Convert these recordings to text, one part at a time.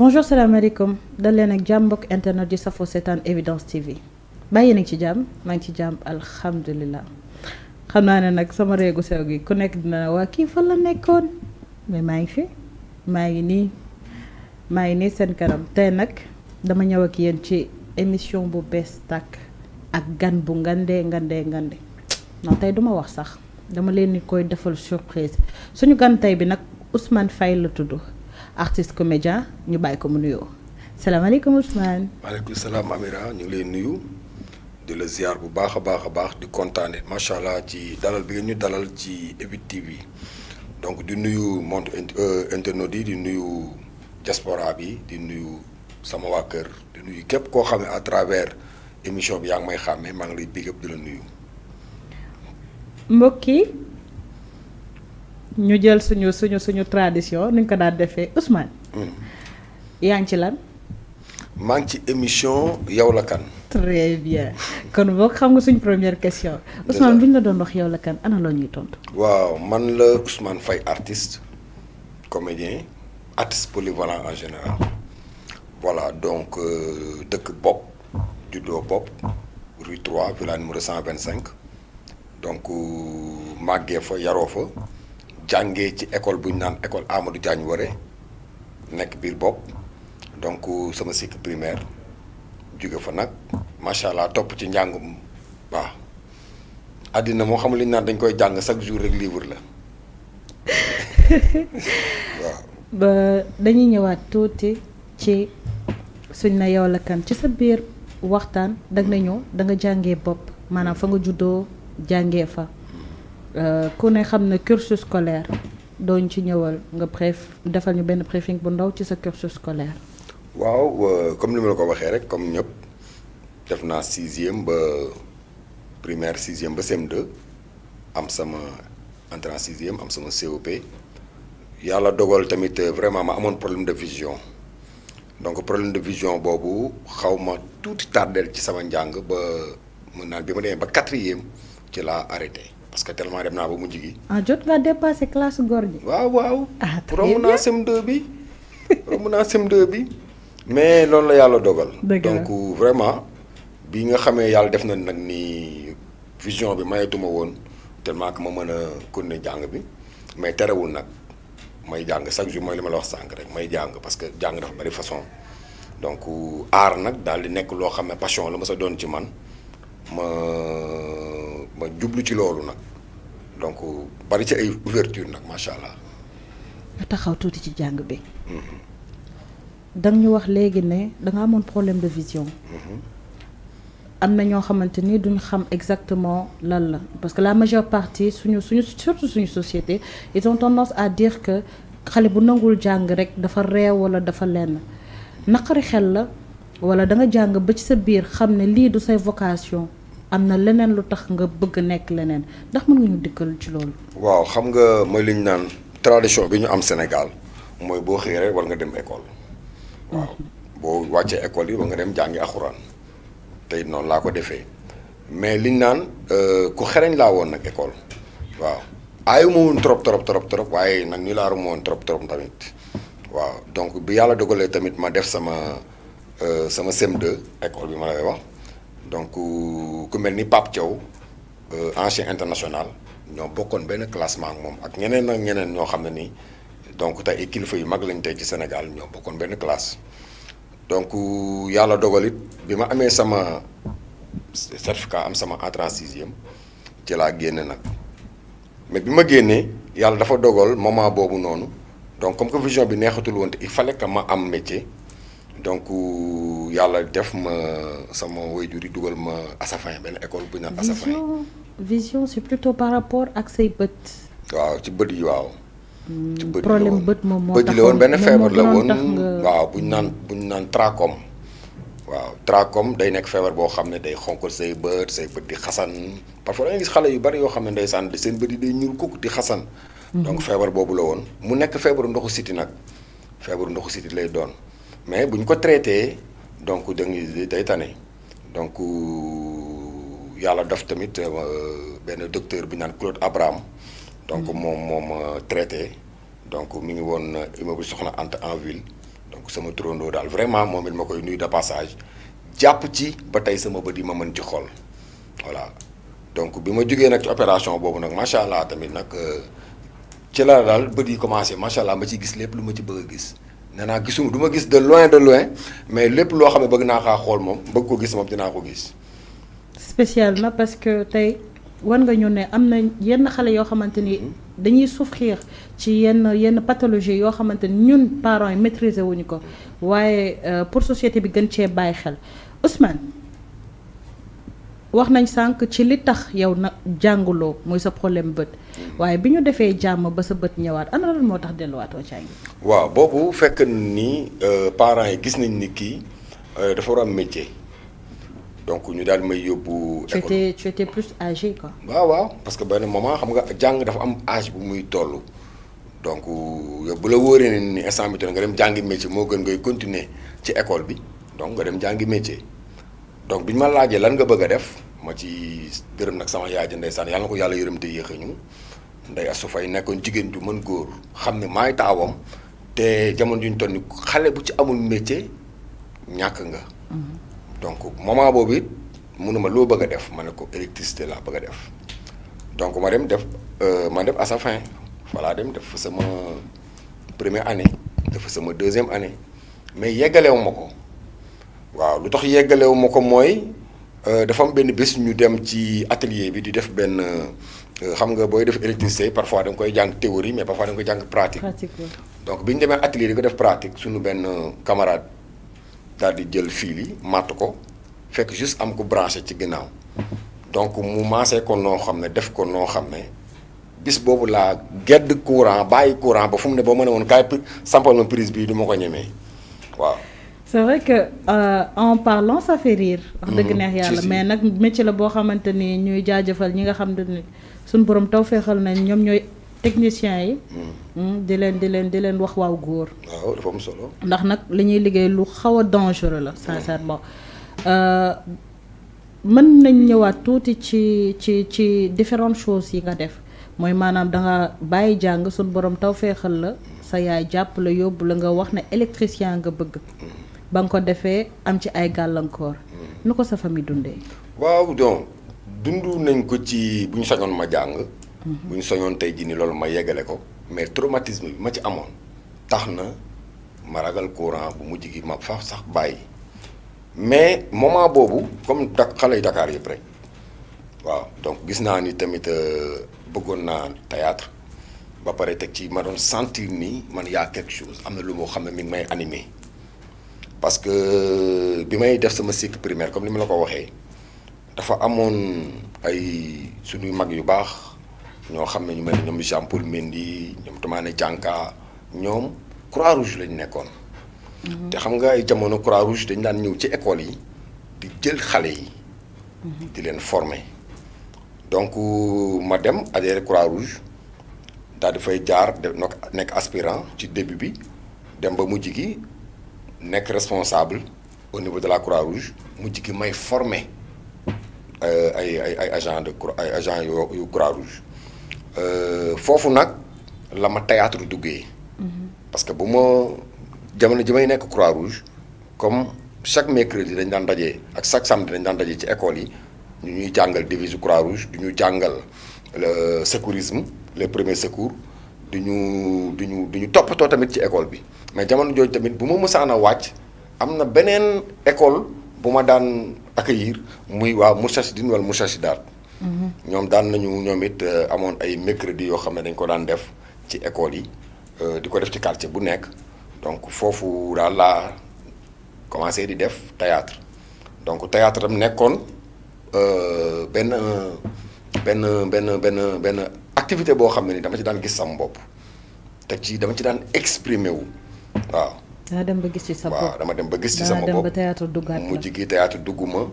bonjour salaamaaleykum dal leen ak jàmm mbokk internet yi safoo seetaan Evidence TV bàyyi nag ci jàmm maa ngi ci jàmm alxamdulilah xam naa ne nag sama réegu sew gi ku nekk dina waa kii fan la nekkoon mais maa ngi fi maa ngi nii maa ngi nii seen karam tey nag dama ñëw ak yéen ci émission bu bees tàkk ak gan bu ngandee ngandee ngande non tey duma wax sax dama leen ni koy defal surprise suñu gan tey bi nag Ousmane Faye la tudd artiste comédien ñu bàyyi ko mu nuyoo salaamaaleykum Ousmane. maaleykum salaam Amira ñu ngi lay nuyu di la ziar bu baax a baax a baax di kontaane macha allah ci dalal bi ngeen ñu dalal ci Evid TV donc di nuyu monde euh, internautes yi di nuyu diaspora bi di nuyu sama waa kër di nuyu képp koo xam ne à travers émission bi yaa ngi may xàmmee maa ngi lay big up di la nuyu. mbokk ñu jël suñu suñu suñu tradition nuñ ko daan defee Ousmane. Mm. yaa ngi ci lan. maa ngi ci émission yow la kan. très bien kon boog xam nga suñ première question. Ousmane bu ñu la doon wax yow la kan ana loo ñuy tontu. waaw man la Ousmane fay artiste comédien artiste polyvalent en général voilà donc euh, dëkk bopp juddoo bopp rue 3 villa numéro donc euh, màggee fa yaroo fa. jàngee ci école bu ñu naan école Amadou Diagne Waré nekk biir bopp donc sama cycle primaire jóge fa nag macha allah topp ci njàngum waa àddina moo xam li naan dañ koy jàng chaque jour rek livre la waaw. ba dañuy ñëwaat tuuti ci suñ na yow la kan ci sa biir waxtaan danga ñëw danga jàngee bopp maanaam fa nga juddoo jàngee fa. Euh, ku ne xam ne cursus scolaire doon ci ñëwal nga bref defal ñu benn briefing bu ndaw ci sa cursus scolaire. waaw euh, comme ni ma la ko waxee rek comme ñëpp def naa sixième ba primaire sixième ba cm de am sama entrée en am sama COP yàlla dogal tamit euh, vraiment ma amoon problème de vision. donc problème de vision boobu xaw ma tuuti tardel ci sama njàng ba mën naan bi ma demee ba quatrième ci laa arrêté parce que tellement dem naa ba mujj gi. Ah, jot nga dépassé classe góor gi. waaw waaw. Ah, romb naa CM2 bi romb naa CM2 bi. mais loolu la yàlla dogal. donc vraiment bi nga xamee yàlla def na nag ni vision bi mayatuma woon tellement que ma mën a continuer jàng bi mais terewul nag may jàng chaque jour mooy li ma la wax sànq rek may jàng parce que jàng dafa bari façon donc aar nag daal di nekk loo xam ne passion la ma sa doon ci man. ma ma jublu ci loolu nag donc bari ci ay ouverture nag macha nga taxaw tuuti ci jàng bi. Mhm. danga ñu wax léegi ne danga amoon problème de vision. Mhm. am na ñoo xamante ni duñ xam exactement lan la parce que la majeure partie suñu suñu surtout suñu société ils ont tendance à dire que xale bu nangul jàng rek dafa reew wala dafa lenn naqari xel la wala danga jàng ba ci sa biir xam ne lii du say vocation. am na leneen lu tax nga bëgg nekk leneen ndax mën nga ñu dikkal ci loolu. waaw xam nga mooy li ñu naan tradition bi ñu am Sénégal mooy boo xëyee war nga dem école. Mhm. boo wàccee école yi ba nga dem jàngi alxuraan tey noonu laa ko defee mais liñ naan euh, ku xereñ laa woon nag école waaw aayu ma woon trop trop trop trop waaye nag ñu laaru ma woon trop trop tamit waaw donc bi yàlla dogalee tamit ma def sama euh, sama CM2 école bi ma lay wax. donc euh, ku mel ni Pape cow euh, ancien international ñoo bokkoon benn classement ak moom ak ñeneen ak ñeneen ñoo xam ne nii donc tey ay kilifa yu mag lañ tey ci Sénégal ñoo bokkoon benn classe. donc euh, yàlla dogal it bi ma amee sama certificat am sama entrée en sixième ci laa génne nag mais bi ma génnee yàlla dafa dogal moment boobu noonu donc comme que vision bi neexatul woon te il fallait que ma am métier. donc euh, yàlla def ma sama waajur yi dugal ma Asafin benn école bu ñu naan Asafin. vision vision c'est plutôt ak bët. waaw ci bët yi waaw. Hmm, ci bët yi problème woon benn feebar la woon waaw bu ñu naan bu ñu naan trachome. waaw trachome day nekk feebar boo xam ne day xonkal say bët say bët di xasan parfois da ngay gis xale yu bari yoo xam ne ndeysaan seen bët yi day ñuul kukk di xasan. Hmm. donc feebar boobu la woon. mu nekk feebaru ndoxu siti nag feebaru ndoxu siti lay doon. mais bu ñu ko traité donc dañuy day tane donc euh, yàlla daf tamit euh, benn docteur bi ñu naan Claude Abraham. donc hmm. moom moom euh, traité donc mu ngi woon immeuble Soxna Anta en ville donc sama turandoo daal vraiment moom it ma koy nuyu de passage jàpp ci ba tey sama bët yi ma mën ci xool voilà donc bi ma jógee nag ci opération boobu nag macha allah tamit nag ci la daal bët yi commencé macha allah ma ci gis lépp lu ma ci bëgg a gis. nee naa gisuma du ma gis de loin de loin mais lépp loo xam ne bëgg naa kaa xool moom bëgg ko gis moom dinaa ko gis. spécialement parce que tey war nga ñu ne am na yenn xale yoo xamante ni mhm. dañuy souffrir ci yenn yenn pathologie yoo xamante ni ñun parents yi maîtriser wuñu ko mhm. waaye euh, pour société bi gën cee bàyyi xel Ousmane. wax nañ sànq ci li tax yow na jànguloo mooy sa problème bët waaye bi ñu defee jàmm ba sa bët ñëwaat ana moo tax delluwaatoo jàngi waaw boobu fekk ni euh, parents yi gis nañ ni kii euh, dafa war donc ñu daal may yóbbu. école tu étais waaw waaw parce que benn moment xam nga jàng dafa am âge bu muy toll donc euh, bu la wóoree ne ni instant bi nga dem jàngi métier moo gën ngay continuer ci école bi donc nga dem jàngi métier donc bi ñu ma laajee lan nga bëgg a def. ma ci gërëm nag sama yaay ji ndeysaan yàlla na ko yàlla yërëm te yéex a ñu nday Astou Faye nekkoon jigéen ju mën góor xam ne maay taawam te jamon juñ toll ni xale bu ci amul métier ñàkk nga. Mm-hmm. donc moment boobu it mënuma loo bëgg a def ma ne ko électricité laa bëgg a def donc ma dem def euh, ma def asafin voilà dem def fa sama première année def sama deuxième année mais yeggalewu ma ko waaw lu tax yeggalewu ko mooy. Euh, dafa am benn bés ñu dem ci atelier bi di def benn euh, xam nga booy def électricité parfois da nga koy jàng théorie mais parfois da nga koy jàng pratique. donc bi ñu demee atelier di ko def pratique suñu benn euh, camarade daal di jël fil yi ko fekk juste am ko branché ci ginnaaw donc mu maasee ko noo xam ne def ko noo xam ne bis boobu laa gedd courant bàyyi courant ba fu mu ne boo mën ne woon kaay sampal ma prise bii du ma ko ñemee. c'est vrai que euh, en parlant ça fait wax mhm. dëgg neex yàlla mais nag métier la boo xamante ni ñuy jaajëfal ñi nga xam ne suñu borom taw feexal nañ ñoom ñooy techniciens yi. Mhm. Hmm, di leen di leen di leen wax waaw góor. ndax nag li ñuy liggéey lu xaw a dangereux la mhm. sincèrement. Euh, mën nañ ñëwaat tuuti ci ci ci différentes choses yi nga def mooy maanaam da nga bàyyi jàng suñu borom taw feexal la sa yaay jàpp la yóbbu la nga wax ne électricien nga bëgg. ba nga ko defee am ci ay gàllankoor lu ko sa famille dundee waaw donc dund nañ ko ci bu ñu sañoon ma jàng bu ñu sañoon tey jii ni loolu ma yeggale ko mais traumatisme bi ma ci amoon tax na ma ragal courant bu mujj gi ma fa sax bàyyi mais moment boobu comme da xale yu Dakar yëpp rek waaw donc gis naa ni tamit euh, bëggoon naa théâtre ba pare teg ci ma doon sentir nii man yaa quelque chose am na lu moo xam ne mi ngi may animé parce que bi may def sama cycle primaire comme ni ma la ko waxee dafa amoon ay suñuy mag yu baax ñoo xam ne ñu mel ñoom Jean Paul Mendy ñoom Tomaane Dianka ñoom Croix Rouge lañu nekkoon. Mhm. te xam nga jamono Croix Rouge dañ daan ñëw ci école yi di jël xale yi. Mhm. di leen former donc ma dem adhéré Croix Rouge daal di fay jaar de nekk aspirant ci début bi dem ba mujj gi. nekk responsable au niveau de la Croix-Rouge mujj gi may former euh, ay ay ay agent de ay agent yoo yu Croix-Rouge euh, foofu nag la ma théâtre duggee mhm. parce que bu ma jamono ji may nekk Croix-Rouge comme chaque mercredi dañ daan dajee ak chaque samedi dañ daan dajee ci école yi ñu ñuy jàngal devise Croix-Rouge du ñuy jàngal secourisme les premiers secours du ñu du ñu toppatoo tamit ci école bi mais jamono jooju tamit bu ma mësaan a wàcc am na beneen école bu ma daan accueillir muy waaw Moustarchidine wala Moustarchidaat mhm. ñoom daan nañu ñoom euh, amoon ay mercredi yoo xam ne dañ ko daan def ci école yi euh, di ko def ci quartier bu nekk donc foofu daal laa commencé di def théâtre donc théâtre am nekkoon euh, benn benn benn benn benn benn activité boo xam ne ni dama ci daan gis sama bopp teg ci dama ci daan exprimer wu waaw. daa dem ba gis ci sa bopp waaw dama dem ba gis ci sama bopp mujj gi théâtre dugguma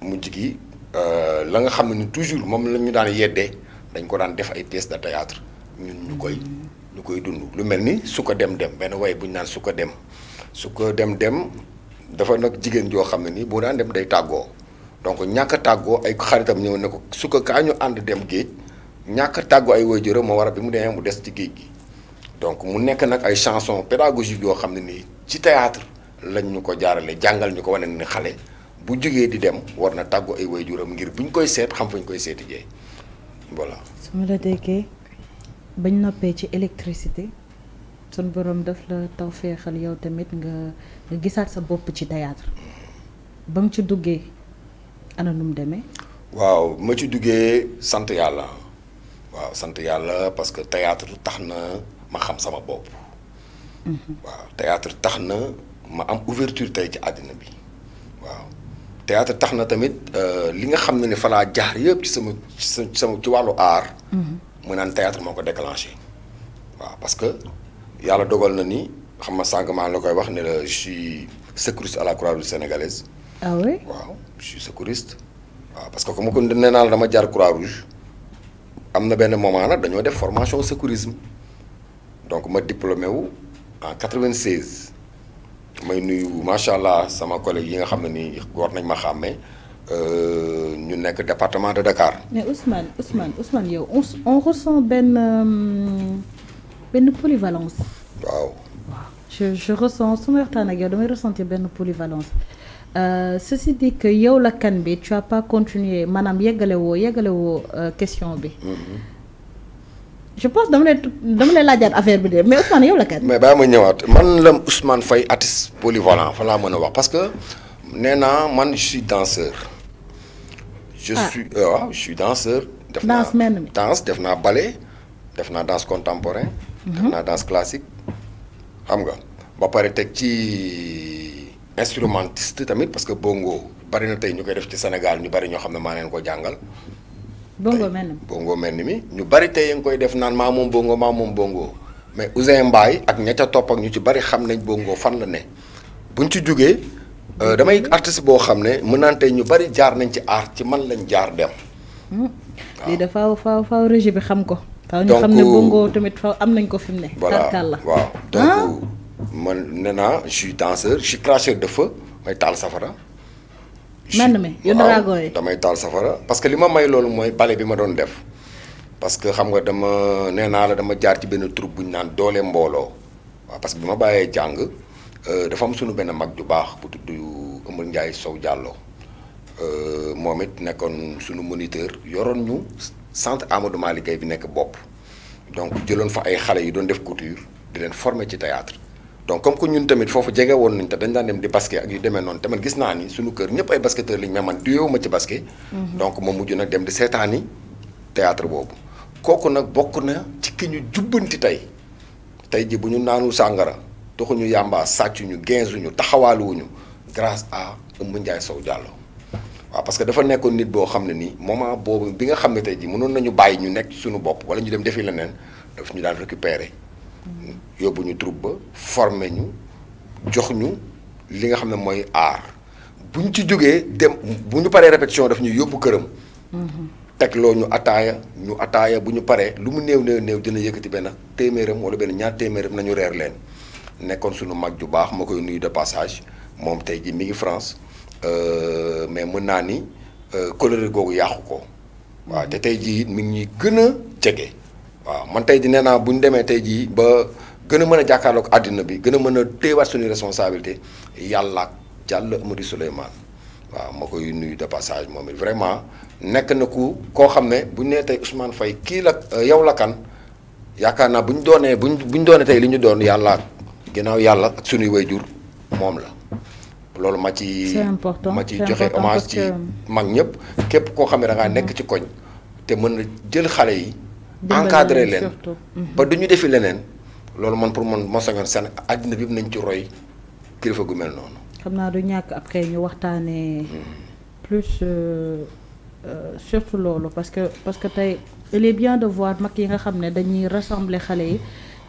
mujj gi euh, la nga xam ne ni toujours moom la ñu daan yeddee dañ ko daan def ay pièces de théâtre ñun ñu koy ñu koy dund lu mel ni su ko dem dem benn way bu ñu naan su ko dem su ko dem dem dafa nag jigéen joo xam ne nii boo daan dem day tàggoo donc ñàkk tàggoo ay xaritam ñëw ne ko su ko kaa ñu ànd dem géej ñàkk a tàggu ay waajuram moo war a bi mu demee mu des ci géej gi donc mu nekk nag ay chanson pédagogique yoo xam ne nii ci théâtre lañ ñu ko jaarale jàngal ñu ko wane ni xale bu jógee di dem war na tàggu ay woy waajuram ngir buñ koy seet xam fañ koy seeti jee voilà. su ma la déggee bañ noppee ci électricité sun borom daf la taw feexal yow tamit nga nga gisaat sa bopp ci théâtre ba mu ci duggee ana nu demee. waaw ma ci duggee sant yàlla. waaw sant yàlla parce que théâtre tax na ma xam sama bopp. Mm-hmm. waaw théâtre tax na ma am ouverture tey ci àddina bi waaw. théâtre tax na tamit euh, li nga xam ne ni fa laa jaar yëpp ci sama ci sama ci wàllu art. Mm-hmm. mu naan théâtre moo ko déclenché. waaw parce que yàlla dogal na ni xam nga sànq maa la koy wax ne la je suis secouriste à la Croix-Rouge sénégalaise. Ah waaw je suis waaw parce que comme ko nee naa la dama jaar Croix-Rouge. am na benn moment nag dañoo def formation secourisme donc ma diplômé wu en 96 may nuyu macha allah sama collègue yi nga xam ne nii war nañ ma xàmmee euh, ñu nekk département de Dakar. mais Ousmane Ousmane Ousmane yow on on benn euh, benn polyvalence. waaw. waaw je je su ma waxtaan ak yow damay ressentir benn polyvalence. Euh, ceci dit que yow la kan bi tu pas continué maanaam yeggale woo euh, question bi. Mm-hmm. je pense dama lay dama lay laajaat affaire bi de mais Ousmane yow la kan. mais baa ma ñëwaat man la Ousmane Faye artiste polyvalent fa laa mën a wax parce que nee naa man je suis danseur. je ah. euh, suis danseur. def naa danse mel ni danse def naa ballet def naa danse contemporain. def mm-hmm. naa danse classique xam nga ba pare teg ci. instrumentiste tamit parce que bongo barina na tey ñu koy def ci Sénégal ñu bari ñoo xam ne maa leen ko jàngal. bongo mel ni mel ni mi ñu bari tey ya nga koy def naan maa moom bongo maa moom bongo mais Ouzin Mbaye ak ña ca topp ak ñu ci bari xam nañ bongo fan la ne buñ ci jógee euh, damay artiste boo xam ne mun naan tey ñu bari jaar nañ ci aar ci man lañ jaar dem. Hmm. waaw lii dafa faaw faaw faaw régie bi xam ko. donc faaw ñu xam ne bongo tamit faaw am nañ ko fi mu ne. voilà waaw ah. man nee naa je suis danseur je suis de feu may taal safara. man mi yu dragon yi damay taal safara parce que li ma may loolu mooy bale bi ma doon def. parce que xam nga dama nee naa la dama jaar ci benn troupe bu ñu naan doole mbooloo waaw parce que bi ma bàyyee jàng euh, dafa am sunu benn mag ju baax bu tudd Ëmër Ndiaye Sow Diallo euh, moom it nekkoon suñu moniteur yoroon ñu centre Amadou Malick Gueye bi nekk bopp donc jëloon fa ay xale yu doon def couture di leen former ci théâtre donc comme que ñun tamit foofu jege woon nañ te dañ daan dem di basket ak yu demee noonu te man gis naa ni suñu kër ñëpp ay basketteurs lañ mais man du yow ci basket. Mhm. donc ma mujj nag dem di seetaani théâtre boobu. kooku nag bokk na ci ki ñu jubbanti tey tey ji bu ñu naanul sàngara toxuñu yàmbaa sàccuñu genzuñu taxawaaluwuñu grâce à Ëmb Ndiaye Sow Diallo waaw parce que dafa nekkoon nit boo xam ne nii moment boobu bi nga xam ne tey ji mënoon nañu bàyyi ñu nekk suñu bopp wala ñu dem defi leneen daf ñu daan récupérer yóbbu ñu troupe ba forme ñu jox ñu li nga xam ne mooy aar bu ñu ci jógee dem bu ñu paree répétition daf ñuy yóbbu këram. Mm-hmm. teg loo ñu ataaya ñu ataaya bu ñu paree lu mu néew néew néew dina yëkkati benn téeméeram wala benn ñaar téeméeram nañu reer leen nekkoon suñu mag ju baax ma koy nuyu de passage moom tey ji mi ngi France euh, mais mën naa ni euh, coloré googu yàqu ko waaw mm-hmm. te tey jii mi ngi ñuy gën a jege waaw man tey ji nee naa bu ñu demee tey jii ba. gën a mën a jàkkaarloog àddina bi gën a mën a téewaat suñu responsabilité yàlla jàll Amady Souleymane waaw ma koy nuyu de passage moom it vraiment nekk na ku koo xam ne bu ñu nee tey Ousmane Faye kii la euh, yow la kan yaakaar naa bu ñu doonee bu ñu bu ñu doonee tey li ñu doon yàlla ginnaaw yàlla ak suñuy wayjur moom la. loolu ma ci ma ci joxe hommage ci mag ñëpp képp koo xam ne da nekk ci koñ te mën na jël xale yi encadré leen ba du ñu defi leneen loolu man pour man ma sañoon seen àddina bi nañ ci roy kilifa gu mel noonu. xam naa du ñàkk après ñu waxtaanee. plus euh, euh, surtout loolu parce que parce que tey il est de voir mag yi nga xam ne dañuy rassembler xale yi.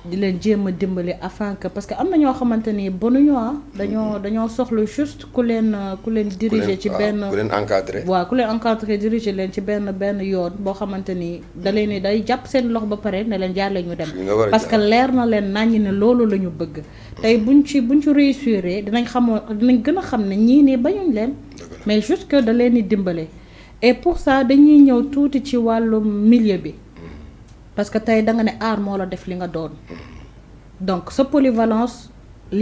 di leen jéem a dimbali afin que parce que am na ñoo xamante ni bonu ah. Mm-hmm. dañoo dañoo soxla juste ku leen euh, ku leen. diriger ci benn ku leen waaw ku leen encadré diriger leen ci benn benn yoon boo xamante ni da leen ni day jàpp seen lox ba pare ne leen jaar la ñu dem. parce que leer na leen naññi ne loolu la ñu bëgg. tey buñ ci buñ ci réussir dinañ xamoo dinañ gën a xam ne ñii nii bañuñ leen. mais juste que da leen di dimbale. et pour ça dañuy ñëw tuuti ci wàllum milieu bi. parce que tey da nga ne aar moo la def li nga doon donc sa polyvalence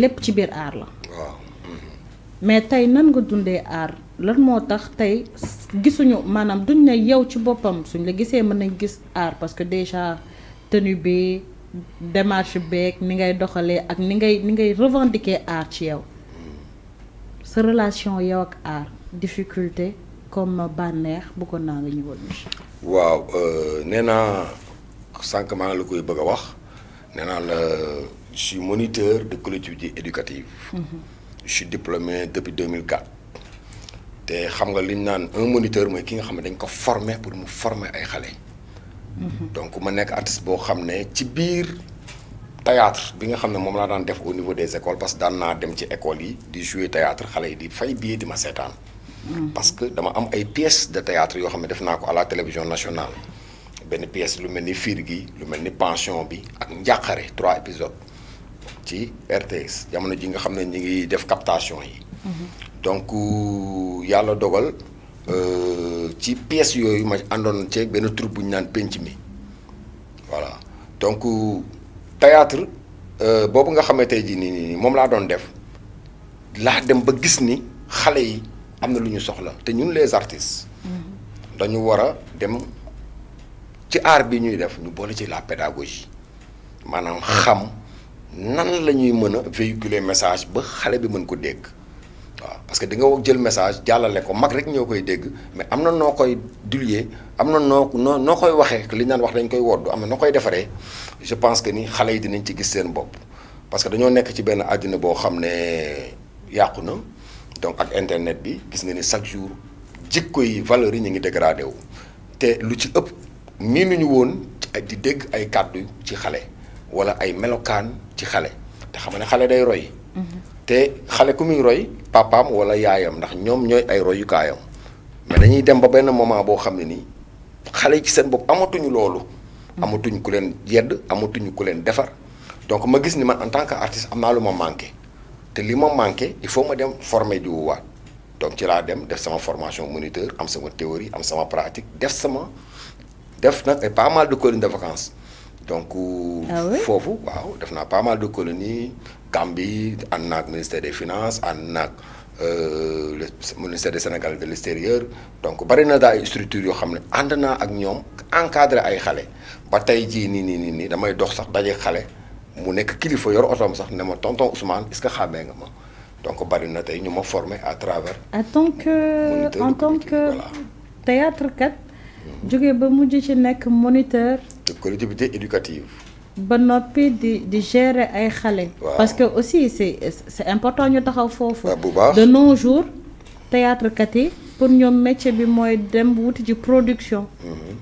lépp ci biir aar la. waaw. mais tey nan nga dundee aar lan moo tax tey gisuñu maanaam duñ ne yow ci boppam suñ la gisee mën nañ gis aar parce que déjà tenue bi démarche beeg ni ngay doxalee ak ni ngay ni ngay revendiquer aar ci yow sa relation yow ak aar difficulté comme bànneex bëggoon naa nga ñëwal. waaw euh, nee sànq maa la koy bëgg a wax nee naa la je suis moniteur de collectivité éducative. Mm-hmm. je suis diplômé depuis 2004. te xam nga li ñu naan un moniteur ki nga xam ne dañ ko former pour mu former ay xale. Mm-hmm. donc ma nekk artiste boo xam ne ci biir théâtre bi nga xam ne moom laa daan def au niveau des écoles parce que daan naa dem ci école yi di jouer théâtre xale yi di fay billet di ma seetaan. Mm-hmm. parce que dama am ay pièces de théâtre yoo xam ne def naa ko à la télévision nationale. benn pièce lu mel ni fiir gi lu mel ni pension bi ak njàqare trois épisodes ci RTS jamono ji nga xam ne ñi ngi def captation yi. Mhm. donc euh, yàlla dogal euh, ci pièce yooyu ma àndoon ceeg benn troupe bu ñu naan penc mi voilà donc euh, théâtre boobu nga xamante tey jii nii moom laa doon def laa dem ba gis ni xale yi am na lu ñu soxla te ñun les artistes. Mhm. dañu war dem. ci art bi ñuy def ñu boole ci la pédagogie maanaam xam nan la ñuy mën a véhiculer message ba xale bi mën ko dégg waaw parce que di nga jël message jàllale ko mag rek ñoo koy dégg mais am na noo koy dulier am na noo noo noo koy waxee li naan wax dañ koy woddu am na noo koy defaree je pense que ni xale yi dinañ ci gis seen bopp parce que dañoo nekk ci benn àddina boo xam ne yàqu na donc ak internet bi gis nga ni chaque jour jikko yi valeurs yi ñu ngi dégradé wu te lu ci ëpp ñu woon di dégg ay kàddu ci xale wala ay melokaan ci xale te xam ne xale day roy. Mm-hmm. te xale ku muy roy papaam wala yaayam ndax ñoom ñooy ay royukaayam mais dañuy dem ba benn moment boo xam ne nii xale yi ci seen bopp amatuñu loolu. Mm-hmm. amatuñ ku leen yedd amatuñu ku leen defar donc ma gis ni man en tant que artiste am naa lu ma manqué te li ma manqué il faut ma dem former di waat donc ci laa dem def sama formation moniteur am sama théorie am sama pratique def sama. def nag pas mal de colonies de vacances donc. Euh, ah foofu waaw def naa pas mal de colonies Gambie ànd naag ministère des finances ànd naag euh, le ministère des Sénégal de l'extérieur donc bari na daal yoo xam ne ànd naa ak ñoom encadré ay xale ba tey jii nii nii nii damay dox sax daje xale mu nekk kilifa yor otoom sax ne ma tonton Ousmane est que xàmmee nga ma donc bari na tey ñu ma formé à travers. théâtre kat. jóge ba mujj ci nekk moniteur. de collectivité ba noppi di di gérer ay xale. parce que aussi c'est c'est important ñu taxaw foofu. bu de nos jours théâtre kat yi pour ñoom métier bi mooy dem wuti ci production. Mm-hmm.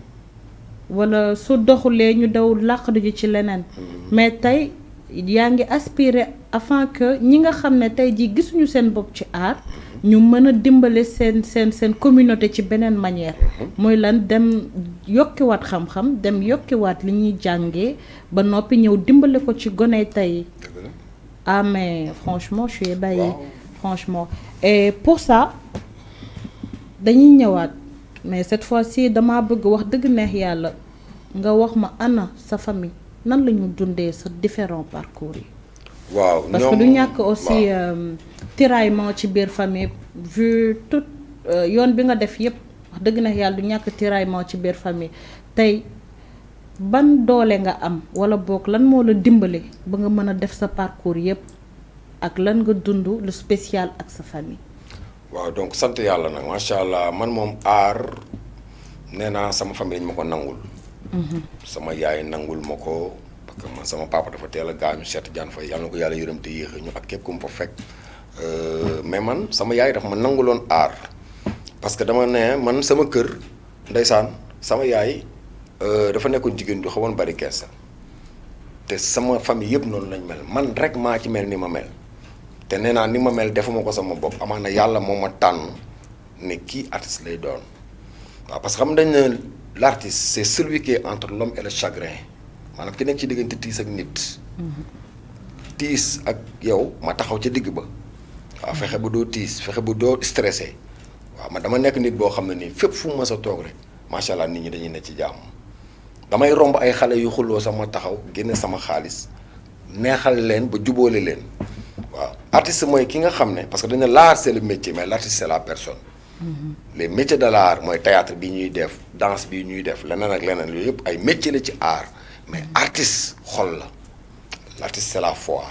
wala su doxulee ñu dawul làqdu ji ci leneen. Mm-hmm. mais tey yaa ngi aspire afin que ñi nga xam ne tey jii gisuñu seen bopp ci art. Mm-hmm. ñu mën a dimbale seen seen seen communauté ci beneen manière mhm. mooy lan dem yokkiwaat xam-xam dem yokkiwaat li ñuy jàngee ba noppi ñëw dimbale ko ci gone tey ah mais franchement je suis ébahi franchement et pour ça dañuy ñëwaat mais cette fois si damaa bëgg wax dëgg neex yàlla nga wax ma ana sa famille nan la ñu dundee sa différent parcours yi waaw parce que ñàkk aussi euh, tiraillement ci biir famille vu tout euh, yoon bi nga def yëpp wax dëgg na yàlla du ñàkk tiraillement ci biir famille tey ban doole nga am wala boog lan moo la dimbali ba nga mën a def sa parcours yëpp ak lan nga dund lu spécial ak sa famille. waaw donc sant yàlla nag macha allah man moom aar nee naa sama famille dañ ma ko nangul. Mhm. sama yaay nangul ma ko. parce man sama papa dafa teel a gaañu seet jaan fay yàlla ko yàlla yërëm te yéex ñu ak képp ku mu fa fekk euh, mais man sama yaay dafa ma nanguloon aar parce que dama ne man sama kër ndeysaan sama yaay euh, dafa nekkoon jigéen ju xawoon bari kees te sama famille yëpp noonu lañ mel man rek maa ci mel ni ma mel te nee naa ni ma mel defuma ko sama bopp amaa na yàlla moom ma tànn ne kii artiste lay doon waaw parce que xam dañ ne l'artiste c'est celui qui est entre l'homme et le chagrin maanaam ki nekk ci diggante tiis ak nit. Mm-hmm. tiis ak yow ma taxaw ca digg ba. waaw fexe bu doo tiis fexe bu doo stressé waaw man dama nekk nit boo xam ne nii fépp fu ma sa toog rek macha allah nit ñi dañu ne ci jàmm damay romb ay xale yu xuloo sax ma taxaw génne sama xaalis neexal leen ba juboole leen waaw artiste mooy ki nga xam ne parce que dañ ne l'art c'est le métier mais l'artiste c'est la personne. Mm-hmm. les métiers de l'art mooy théâtre bi ñuy def danse bi ñuy def leneen ak leneen yëpp ay métiers la ci art. mais artiste xol la l'artiste c'est la foi.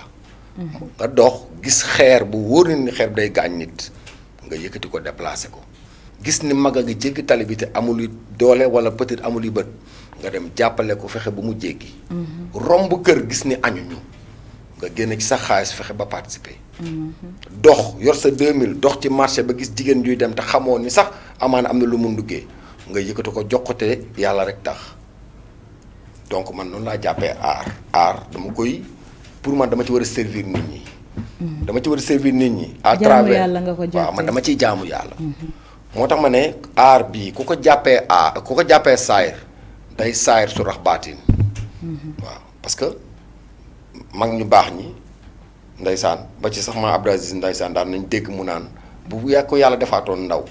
nga dox gis xeer bu wóor ni xeer day gaañ nit nga yëkkati ko déplacé ko gis ni mag a ngi jéggi tali bi te amul doole wala peut-être amul bët nga dem jàppale ko fexe ba mu jéggi. romb kër gis ni añuñu nga génn ci sa xaalis fexe ba participer. dox yor sa 2000 dox ci marché ba gis jigéen juy dem te xamoo ni sax amaana am na lu mu duggee nga yëkkati ko jox yàlla rek tax. donc man noonu laa jàppee aar aar dama koy pour man dama ci war a servir nit ñi. Mm-hmm. dama ci war a servir nit ñi. à travers jaamu nga ko jàppee man dama ciy jaamu yàlla. Mm-hmm. moo tax ma ne aar bii ku ko jàppee aar ku ko jàppee saayir day saayir su baatin. Mm-hmm. waaw parce que mag ñu baax ñi ndaysaan ba ci sax ma Abdou Aziz ndaysaan daan nañ dégg mu naan bu ko yàlla defaatoon ndaw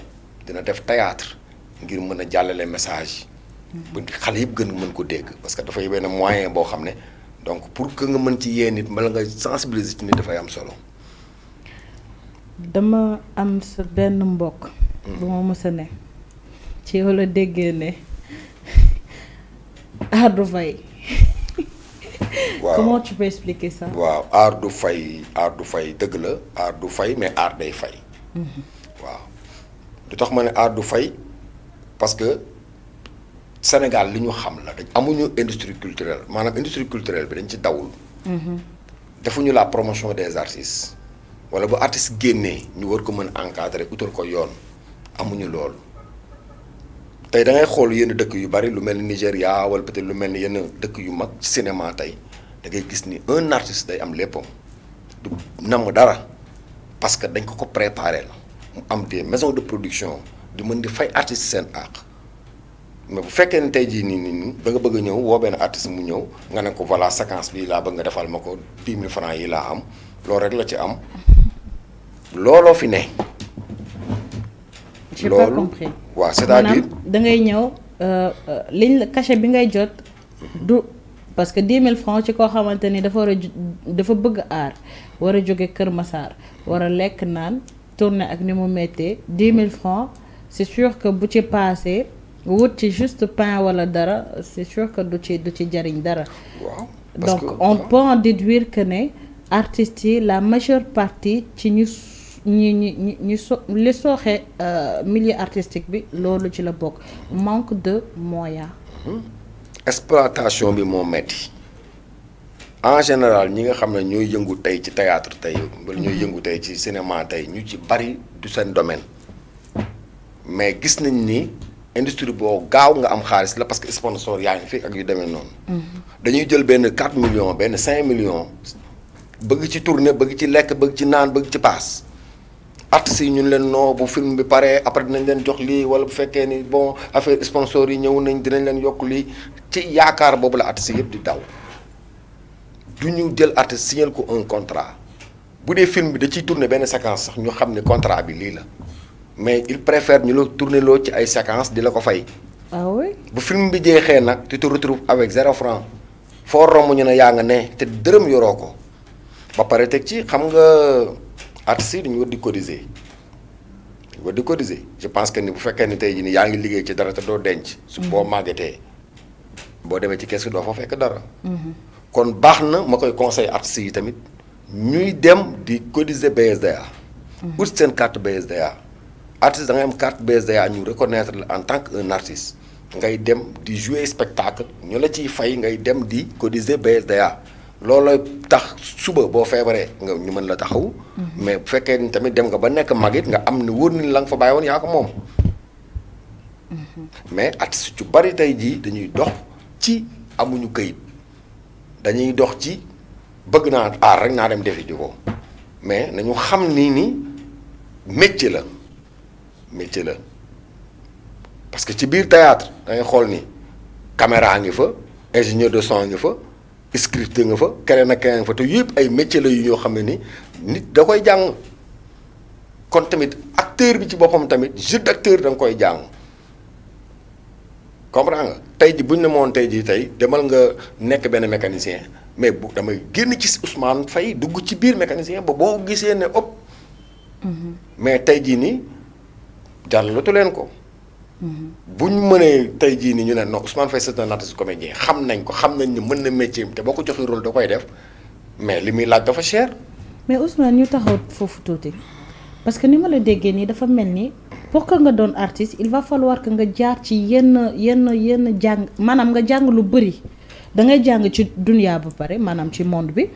dina def théâtre ngir mën a jàllale message xale yëpp gën mën ko dégg parce que dafay benn moyen boo xam ne donc pour que nga mën ci yee nit mbala nga sensibiliser ci nit dafay am solo. dama am sa benn mbokk. Hmm. bu ma mës ne. ci yow la déggee ne aar du fay. waaw aar du fay aar du fay dëgg la aar du fay mais aar day fay. Hmm. waaw lu tax ma ne aar du fay parce Sénégal li ñu xam la dañ amuñu industrie culturelle maanaam industrie culturelle bi dañ ci dawul mm-hmm. defuñu la promotion des artistes wala ba artiste génnee ñu war ko mën encadrer utal ko yoon amuñu loolu tey dangay xool yenn dëkk yu bari lu mel ni Nigéria wala peut-être lu mel ni yenn dëkk yu mag ci cinéma tey da ngay gis ni un artiste day am léppam du namm dara parce que dañ ko ko préparer la mu am des maisons de production di mën di fay artiste seen àq mais bu fekkee ne tey jii nii nii da nga bëgg a ñëw woo benn artiste mu ñëw nga ne ko voilà séquence bii laa bëgg nga defal ma ko 10 000 francs yi laa am loolu rek la ci am looloo fi ne. j'ai pas c'est-à-dire da ñëw euh, euh, liñ la cachet bi ngay jot du. parce que 10 mille francs ci koo xamante ni dafa war a dafa bëgg aar war a jóge Kër Massar war a lekk naan tourner ak ni mu méttee 10 000 francs c'est sûr que bu ci passé. wut ci juste pain wala dara c'est sûr que du ci du ci jariñ dara donc on ouais. peut en que ne artistes yi la majeure partie ci ñu ñi ñi ñi ñu so li sooxee euh, milieu artistique bi loolu ci la bokk manque de moyens hmm. exploitation bi moo metti en général ñi nga xam ne ñooy yëngu tey ci théâtre tey wala ñooy yëngu tey ci cinéma tey ñu ci bari du seen domaine mais gis nañ ni industrie boo gaaw nga am xaalis la parce que sponsor yaa ngi fii ak yu demee noonu. dañuy jël benn 4 million benn 5 million bëgg ci tournée bëgg ci lekk bëgg ci naan bëgg ci paas. artistes yi ñun leen noo bu film bi paree après dinañ leen jox lii wala bu fekkee ni bon affaire sponsor yi ñëw nañ dinañ leen yokk lii ci yaakaar boobu la artistes yëpp di daw du ñu jël artiste signal ko un contrat bu dee film bi da ciy tourné benn séquence sax ñu xam ne contrat bi lii la. mais il préfère ñu la tourner loo ci ay séquences di la ko fay. ah oui bu film bi jeexee nag tu te retrouves avec zéro franc foo romb ñu ne yaa nga ne te dërëm yoroo ko ba pare teg ci xam nga artistes yi dañu war di cotiser dañu di cotiser je pense que ni bu fekkee ni tey jii nii yaa ngi liggéey ci dara te doo denc. su mhm. boo màggatee boo demee ci kees gi doo fa fekk dara. Mhm. kon baax na ma koy conseil artistes yi tamit ñuy dem di cotiser BSDA. Mhm. ut seen carte BSDA. artiste da ngay am carte BSDA ñu reconnaître en tant que un artiste ngay dem di jouer spectacle ñu la ciy fay ngay dem di cotiser BSDA loolooy tax suba boo feebaree nga ñu mën la taxaw. Mhm. mais bu fekkee tamit dem nga ba nekk mag it nga am ne wóor ni la nga fa bàyyi woon yaa ko moom. Mhm. mais artiste ci bari tey jii dañuy dox ci amuñu kayit dañuy dox ci bëgg naa aar rek naa dem defi ji ko mais nañu xam ni ni métier la. métier la parce que ci biir théâtre da xool ni caméra ngi fa ingénieur de son ngi fa scripteur nga fa keneen ak keneen nga fa te yëpp ay métier la yu xam ne ni nit da koy jàng kon tamit acteur bi ci boppam tamit jeu d'acteur da koy jàng comprends nga tey ji bu ñu ne moon tey ji tey demal nga nekk benn mécanicien mais bu damay génn ci Ousmane Faye dugg ci biir mécanicien ba boo gisee ne ëpp mm-hmm. mais tey jii nii jàllatu leen ko. Mm-hmm. buñ mënee tey jii ni ñu ne non Ousmane Faye c'est un artiste comédien xam nañ ko xam nañ ne mën na métier te boo ko joxee rôle da koy def mais li muy laaj dafa cher. mais Ousmane ñu taxaw foofu tuuti parce que ni ma la déggee nii dafa mel ni pour que nga doon artiste il va falloir que nga jaar ci yenn yenn yenn jàng maanaam nga jàng lu bëri da ngay jàng ci dunia bu pare maanaam ci monde bi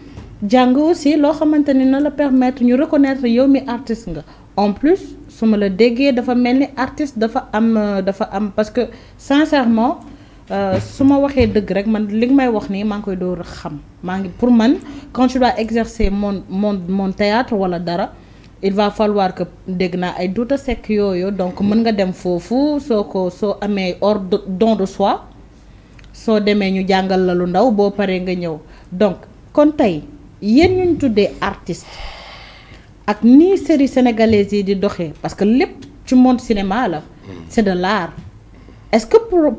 jàng aussi loo xamante ni na la permettre ñu reconnaître yow mi artiste nga en plus. su ma la déggee dafa mel ni artiste dafa am dafa am parce que sincèrement euh, su ma waxee dëgg rek man li nga may wax nii maa ngi koy door xam maa ngi pour man quand tu dois exercer mon mon théâtre wala dara il va falloir que dégg naa ay duuta sekk yooyu donc mën nga dem foofu soo ko soo amee hors de soi soo demee ñu jàngal la lu ndaw boo paree nga ñëw donc kon tey yéen ñu tuddee artiste ak nii série sénégalaise yi di doxee parce que lépp ci monde cinéma la hmm. c'est de l'art est-ce que pour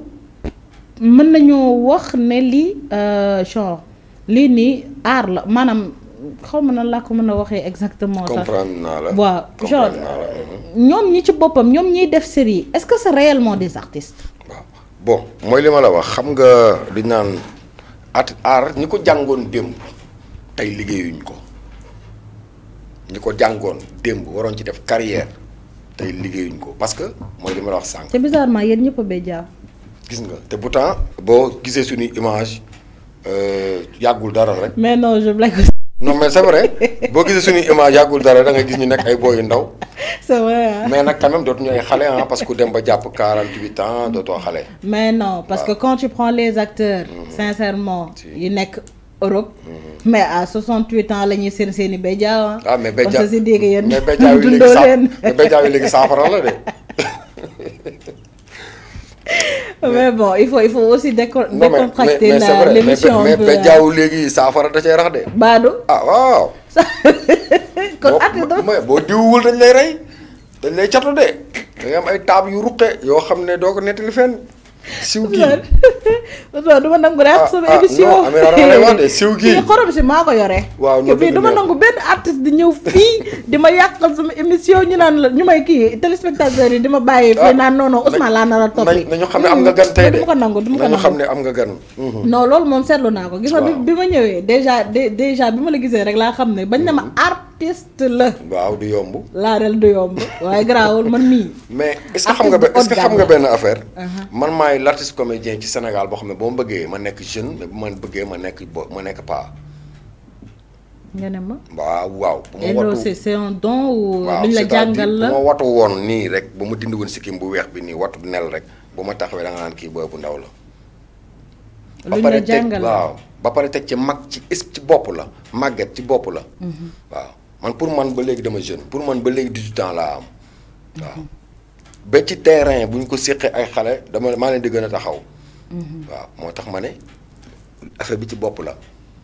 mën nañoo wax ne lii euh, genre lii nii art la maanaam xaw ma nan laa ko mën a waxee exactement sax comprendre naa waaw hmm. ñoom ñi ci boppam ñoom ñiy def série est-ce que c'est des artistes waaw bon mooy li ma la wax xam nga li naan at art ñi ko jàngoon démb tey liggéeyuñ ko ñi ko jàngoon démb waroon ci def carrière tey liggéeyuñ ko parce que mooy li ma wax sànq. te bizarrement yéen ñëpp a bay jaaw gis nga te pourtant boo gisee suñuy image euh, yàggul dara rek. mais non je blague non mais c'est boo gisee suñuy image yàggul dara da nga gis ñu nekk ay booy yu ndaw. c'est vrai mais nag quand même dootuñu ay xale ah parce que dem ba jàpp 48 ans dootoo xale. mais non parce que quand tu prends les acteurs. Mm. sincèrement yu nekk. Europe. Mm-hmm. mais à 68 ans la seen seen i ah. ah, mais béjjaaw kon léegi cent la de. mais bon il faut il faut aussi décon décontracter la léegi saafara da cay rax de. baadu ah waaw. kon at boo boo diwul dañ lay rey dañ lay catu de da am ay taab yu ruqe yoo xam ne doo ko nettali fenn. siw kii non du ma nangu rek ah, sama ah, émission siw kii xorom si maa ko yore waaw fii benn artiste di ñëw fii di ma yàqal sama émission ñu naan la ñu may kii téléspectateurs yi di ma bàyyi fii ah, naan non non Ousmane laa na a toppi nañu xam ne am nga gan tey de du ma ko nangu du ma ko nangu xam ne am nga gan mhm. non loolu moom seetlu naa ko gis nga bi ma ñëwee dèjà dèjà bi ma la gisee rek laa xam ne bañ na ma mhm. art artiste la. waaw du yomb. laareel du yomb waaye garaawul man mii. mais est ce que xam nga est ce que xam nga benn affaire. Uh-huh. man maay l' artiste comédien ci Sénégal boo xam ne boo ma bëggee ma nekk jeune mais bu ma bëggee ma nekk bo ma nekk paa. nga ma. waaw waaw. bu ma watu c' est un don ou woon nii rek bu ma dindi woon sikkim bu weex bi nii watu nel rek bu ma tax da nga naan kii bu ndaw la. luñ la jàngal la ba pare teg ci mag ci is ci bopp la màgget ci bopp la. Mm-hmm. waaw. man pour man ba léegi dama jeune pour man ba léegi 18 laa am waaw ba ci terrain bu ñu ko séqee ay xale dama maa leen di gën a taxaw mm-hmm. waaw moo tax ma ne affaire bi ci bopp la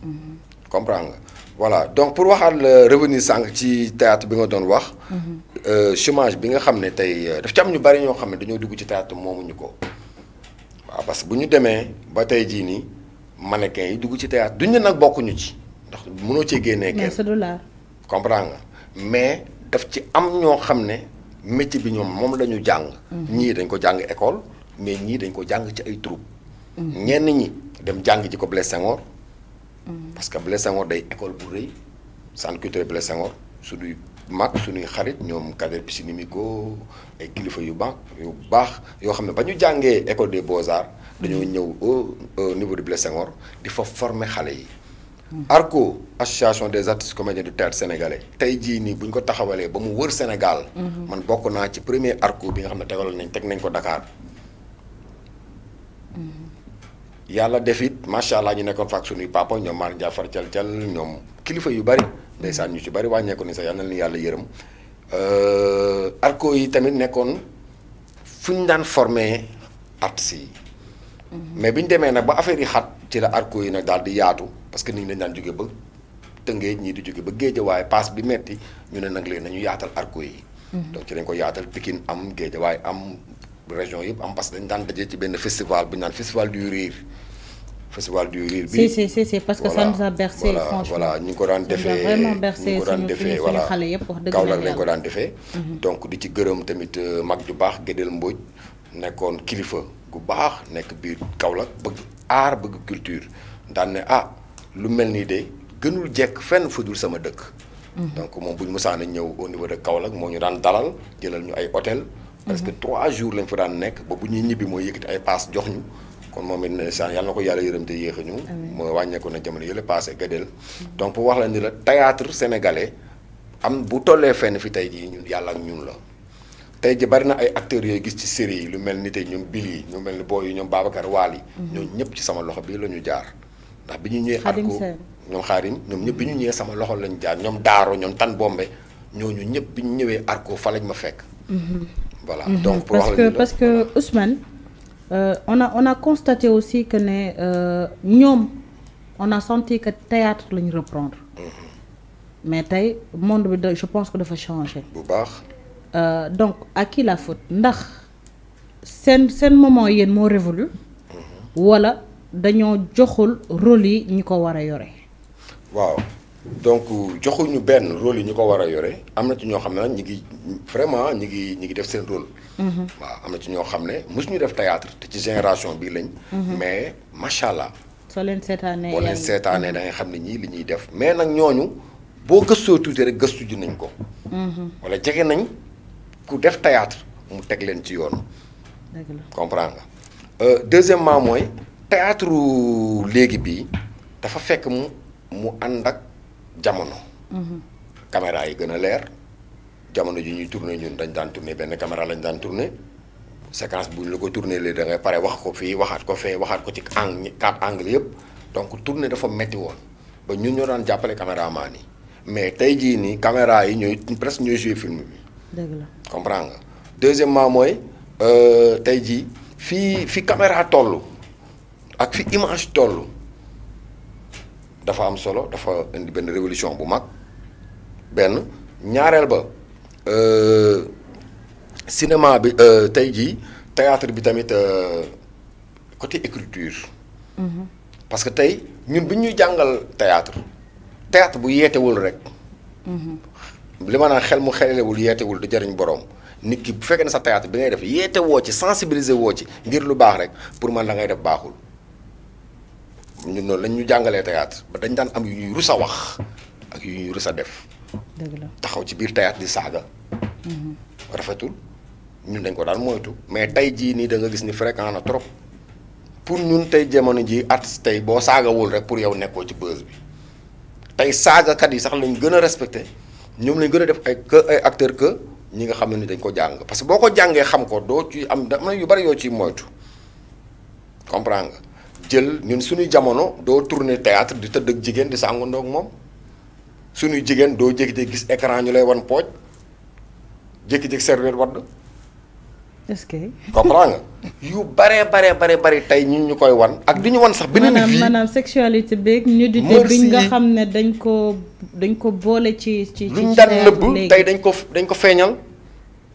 mm-hmm. comprendre nga voilà donc pour waxaat la revenir sànq ci théâtre bi nga doon wax mm-hmm. euh, chômage bi nga xam ne tey euh, daf ci am ñu bari ñoo xam ne dañoo dugg ci théâtre moomuñu ko waaw parce que bu ñu demee ba tey jii nii mannequin yi dugg ci théâtre duñ ne nag bokkuñu ci ndax mënoo cee génnee comprendre nga mais def ci am ñoo xam ne métier bi ñoom moom la jàng. Mm-hmm. ñii dañ ko jàng école mais ñii dañ ko jàng ci ay troupe. Mm-hmm. ñenn ñi dem jàng ji ko Blaise Senghor. Mm-hmm. parce que Blaise Senghor day école bu rëy centre culturel Blaise Senghor suñuy mag suñuy xarit ñoom Kader Pisinimigo ay kilifa yu baax yu baax yoo xam ne ba ñu jàngee école des beaux arts dañoo ñëw niveau de Blaise Senghor di fa former xale yi. ARCO association des artistes comédiens du théâtre sénégalais tey jii nii bu ñu ko taxawalee ba mu wër Sénégal. Mhm. man bokk naa ci premier ARCO bi nga xam ne tegal nañ teg nañ ko Dakar. Mhm. yàlla def it macha allah ñu nekkoon fa ak sunuy papa ñoom Mar Jaafar cal cal ñoom kilifa yu bari. Mhm. ndeysaan ñu ci bari wàññeeku ni sax yal na leen yàlla yërëm. Euh, ARCO yi tamit nekkoon fu ñu daan formé artistes yi. mais bi ñu demee nag ba affaire xat. ci la arco yi nag daal di yaatu parce que nit ñi dañ daan jóge ba Tëngéej ñii di jóge ba waaye paas bi metti ñu ne nag léegi nañu yaatal arco yi. Mhm. donc ko yaatal Pikine am Géejawaay am région yëpp am parce que dañ daan daje ci benn festival bu ñu naan festival du rire. festival du rire parce que ça nous a ñu ko daan defee vraiment bercé ñu ko yëpp wax dëgg Kaolack lañ ko daan defee donc di ci gërëm tamit euh, mag ju baax Gédel Mbodj nekkoon kilifa ku baax nekk biir Kaolack bëgg aar bëgg culture daan ne ah lu mel nii de gënul jekk fenn fudul sama dëkk. Mhm. donc moom bu ñu mësaan ñëw au niveau de moo ñu daan dalal jëlal ñu ay hôtel. Mhm. parce que trois jours lañ fa daan nekk ba bu ñuy ñibbi mooy yëkkati ay paas jox ñu. kon moom it ne saan yàlla na ko yàlla yërëm te yéex a ñu. moo wàññeeku na jamono yële passé gëdel. Mhm. donc pour wax la ni la théâtre sénégalais am bu tollee fenn fi tey jii ñun yàlla ak ñun la. tey bari na ay acteurs yooyu gis ci série yi lu mel ni tey ñoom Billy yi ni Boy yi ñoom Babacar Waal yi mhm. ñoom ñëpp ci sama loxo bii la ñu jaar ndax bi ñu ñëwee arko ñoom xaarim ñoom ñëpp bi ñu ñëwee sama loxo lañ jaar ñoom daaro ñoom tan bombe ñooñu ñëpp bi ñu ñëwee arko fa lañ ma fekk mhm. voilà mhm. donc pour parce que parce que Ousmane euh, on a on a constaté aussi que ne euh, ñoom euh, on a senti que théâtre la reprendre mais tey monde bi je pense que dafa changer bu baax Euh, donc à qui la faute ndax seen seen moment yéen moo révolu wala dañoo joxul rôle yi ñi ko war a yore. waaw donc joxuñu benn rôle yi ñu ko war a yore am na ci ñoo xam ne ñi ngi vraiment ñi ngi ñi ngi def seen rôle. Mhm. waaw am na ci ñoo xam ne mosuñu def théâtre te ci génération bii lañ. Mhm. mais macha allah. soo leen seetaanee boo leen mhm. xam ne ñii li ñuy def mais nag ñooñu boo gëstoo tuuti rek gëstu ji nañ ko. wala jege nañ. ku def théâtre mu teg leen ci yoon comprendre nga euh, deuxièmement mooy théâtre léegi bi dafa fekk mu mu ànd ak jamono mhm. caméra yi gën a leer jamono ji ñuy tourner ñun dañ daan tourner benn caméra lañ daan tourner séquence bu ñu la ko tourner léegi da ngay pare wax ko fii waxaat ko fee waxaat ko ci ang quatre angles yëpp donc tourner dafa metti woon ba ñun ñoo daan jàppale caméraman yi mais tey jii nii caméra yi ñooy presque ñooy jouer film bi dëgg la comprends nga deuxièmement mooy euh, tey jii fii fi caméra toll ak fi image toll dafa am solo dafa indi benn révolution bu mag benn ñaareel ba euh, cinéma bi euh, tey jii théâtre bi tamit côté écriture mhm. parce tey ñun bi ñuy jàngal théâtre théâtre bu yeetewul rek mhm. li ma naan xel mu xelelewul yeetewul du jariñ borom nit ki bu fekkee na sa théâtre bi ngay def yeete woo ci sensibiliser woo ci ngir lu baax rek pour man la ngay def baaxul ñun noonu lañ ñu jàngalee théâtre ba dañ daan am yu ñuy wax ak yu rus a def. taxaw ci biir théâtre di saaga. Mm-hmm. rafetul ñun dañ ko daan moytu. mais tey jii nii da nga gis ni fréquent na trop pour ñun tey jamono ji at tey boo saagawul rek pour yow nekkoo ci buzz bi tey saagakat yi sax lañ gën a respecté. ñoom lañ gën a def ay que ay acteur que ñi nga xam ne ni dañ ko jàng parce que boo ko jàngee xam ko doo ci am am na yu bari yoo ciy moytu comprendre nga jël ñun suñuy jamono doo tourner théâtre di tëdd ak jigéen di sàngandoo ak moom suñuy jigéen doo jékki-jékki gis écran ñu lay wan pooj jékki-jékki serviette wadd est-ce que. comprends nga yu baree baree baree bari tey ñun ñu koy wan. ak di ñu wan sax beneen vie maanaam sexualité beeg nudité bi nga xam ne dañ ko dañ ko boole ci ci ci. lu ñu tey dañ ko dañ ko feeñal.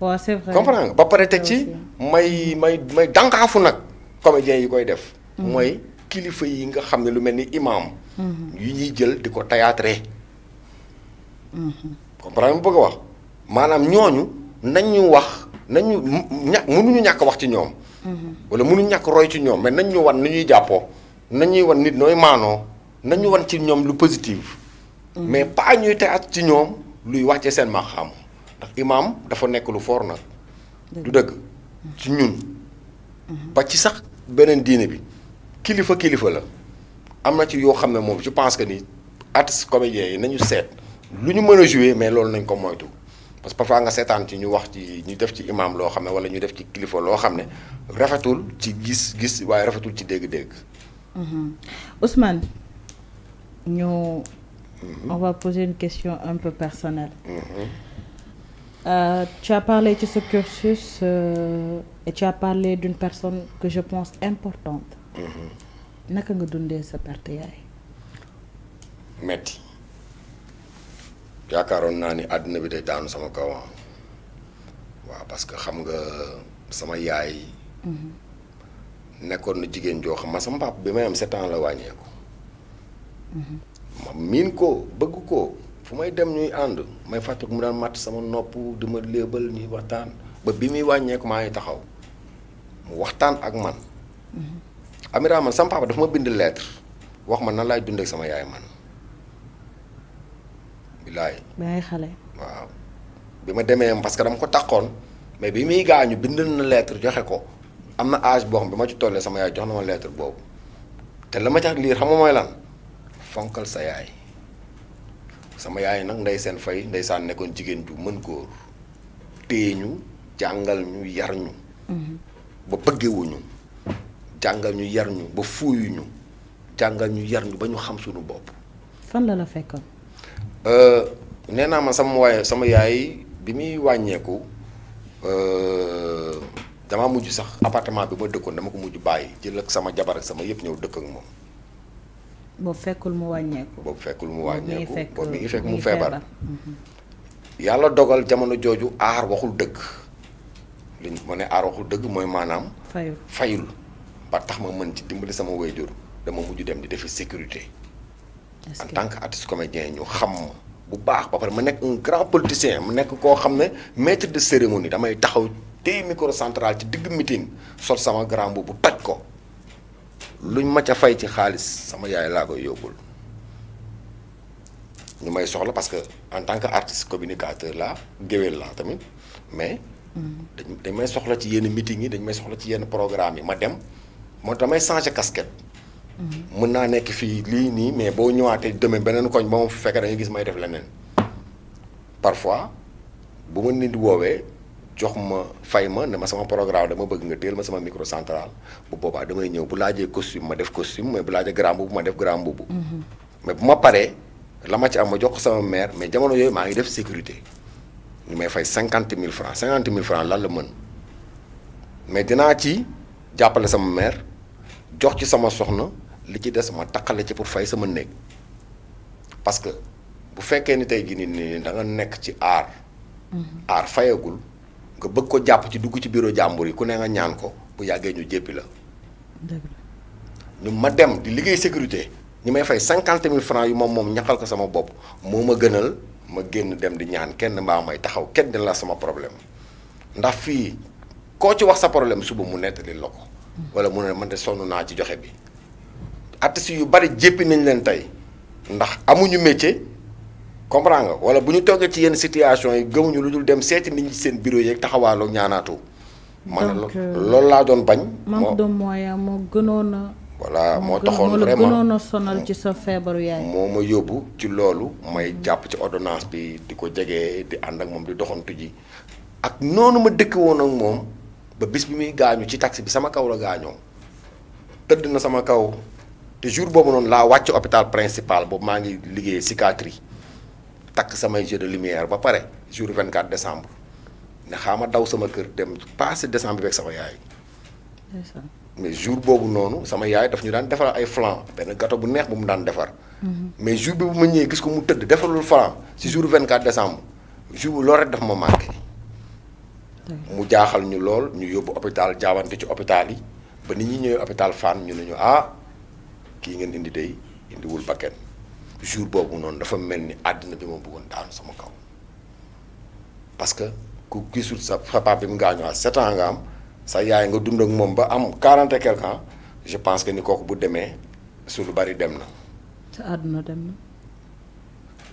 waaw c'est vrai nga ba pare teg ci may may may dànkaafu nag comédiens yi koy def. Mhm. mooy kilifa yi nga xam ne lu mel ni imaam. Mhm. yu ñuy jël di ko théâtre. Mhm. comprends nga bëgg wax maanaam ñooñu nañ wax. nañ ñu ña mënuñu ñàkk wax ci ñoom. wala mënuñu ñàkk roy ci ñoom mais nañ ñu wan nu ñuy jàppoo nañ ñuy wan nit nooy maanoo nañ ñu ci ñoom lu positif. mais pas ñuy tegaat ci ñoom luy wàcce seen maqaam ndax imaam dafa nekk lu foor nag. du dëgg ci ñun. ba ci sax beneen diine bi kilifa kilifa la am na ci yoo xam ne moom je pense que nii at comédiens yi nañu seet lu ñu mën a jouer mais loolu nañ ko moytu. parce que parfois nga seetaan ci ñu wax ci ñu def ci imam loo xam ne wala ñu def ci kilifa loo xam ne rafetul ci gis-gis waaye rafetul ci dégg-dégg. Mhm. Ousmane ñu. Mhm. on va poser une question un peu personnelle. Mhm. Euh, tu as parlé de cursus euh, et d'une personne que je pense importante. naka nga dundee sa perte yaay. metti. yaakaaroon naa ni àddina bi day daanu sama kaw ah. waaw parce que xam nga sama yaay. nekkoon na jigéen joo xam ma sama papa bi may am sept ans la wàññeeku. ma miin ko bëgg ko fu may dem ñuy ànd may fàttaliku mu daan matt sama nopp di ma léebal ñuy waxtaan ba bi muy wàññeeku maa ngi taxaw waxtaan ak man. Mm-hmm. Amira man sama papa dafa ma bind lettre wax ma nan laay dundee ak sama yaay man. bilaay ay xale waaw bi ma demee parce que dama ko takkoon mais bi muy gaañu bind na lettre joxe ko am na âge boo xam bi ma ci tollee sama yaay jox na ma lettre boobu te la ma ca liir xam nga mooy lan fonkal sa yaay sama yaay nag ndey seen fay ndeysaan nekkoon jigéen ju mën góor téye ñu jàngal ñu yar ñu mhm. ba bëggewuñu jàngal ñu yar ñu ba fuuyu ñu jàngal ñu yar ñu ba ñu xam sunu bopp fan la la fekkoon Euh, nee naa ma sama waaye sama yaay bi muy wàññeeku euh, damaa mujj sax appartement bi ma dëkkoon dama ko mujj bàyyi jël ak sama jabar ak sama yëpp ñëw dëkk ak moom. boobu fekkul mu wàññeeku. boobu fekkul mu wàññeeku boobu mi ngi fekk mu feebar. yàlla dogal jamono jooju aar waxul dëgg li ma ne aar waxul dëgg mooy maanaam. fayul fayul ba tax ma mën ci dimbali sama waajur dama mujj dem di defi sécurité. en tant que artiste comédien ñu xam bu baax ba pare ma nekk un grand politicien mu nekk koo xam ne maître de cérémonie damay taxaw téye micro central ci digg meeting sol sama grand boobu toj ko luñ ma ca fay ci xaalis sama yaay laa koy ñu may soxla parce que en tant que artiste communicateur laa géwél laa tamit mais. Mm-hmm. dañ dañ may soxla ci yenn meeting yi dañ may soxla ci yenn programme yi ma dem moo may changer casquette. mën naa nekk fii lii nii mais boo ñëwaatee demee beneen koñ ba ma fekkee fekk gis may def leneen parfois bu ma nit woowee jox ma fay ma ne ma sama programme dama bëgg nga téel ma sama micro central bu damay ñëw bu laajee costume ma def costume mais bu laajee grand boubou ma def grand mhm. ma paree la ma ci am ma jox ko sama mère mais jamono yooyu maa ngi def sécurité ñu may fay cinquante mille francs cinquante mille francs lan la mën mais dinaa ci jàppale sama mère jox ci sama soxna. li ci des ma taqale ci pour fay sama néeg parce que bu fekkee ni tey jii nii nii da nga nekk ci aar. Mm-hmm. aar fayagul nga bëgg ko jàpp ci dugg ci bureau jàmbur yi ku ne nga ñaan ko bu yàggee ñu jéppi la. ñu ma dem di liggéey sécurité ñi may fay cinquante mille francs yu moom moom ñaxal ko sama bopp moo ma gënal ma génn dem di ñaan kenn mbaa may taxaw kenn la sama problème ndax fii koo ci wax sa problème suba mu nettali la ko. Mm-hmm. wala mu ne man de sonn naa ci joxe bi. artistes yu bari jéppi nañ leen tey ndax amuñu métier comprend nga wala bu ñu toggee ci yenn situation yi gëmuñu lu dul dem seeti nit ñi seen bureau yeeg taxawaaloo ñaanaatu. man euh, loolu laa doon bañ. manque de moyen moo gënoon a. voilà moo taxoon vraiment gënoon a sonal ci sa feebaru yaay. moo ma yóbbu ci loolu may jàpp ci ordonnance bi di ko jege di ànd ak moom di doxantu ji ak noonu ma dëkk woon moom ba bis bi muy gaañu ci taxi bi sama kaw la gaañoo tëdd na sama kaw. te jour boobu noonu laa wàcc hôpital principal boobu maa ngi liggéey psychiatrie takk samay jeu de lumière ba pare jour 24 décembre ne xaama daw sama kër dem passé décembre beeg sama yaay. mais jour boobu noonu sama yaay daf ñu daan defar ay flan benn gâteau bu neex bu mu daan defar. Mm-hmm. mais jour bi bu ma ñëwee gis ko mu tëdd defarul flan si jour 24 décembre jour loolu rek daf ma marqué. mu jaaxal ñu lool ñu yóbbu hôpital jaawante ci hôpital yi ba nit ñëwee hôpital Fann ñu ne ñu ah. kii ngeen indi tey indiwul bakken jour boobu noonu dafa mel ni àddina bi ma bëggoon daanu sama kaw parce que ku gisul sa papa bi mu gaañoo à sept nga am sa yaay nga dund ak moom ba am quarante et quelque je pense que ni kooku bu demee su lu bari dem na. sa àdduna dem na.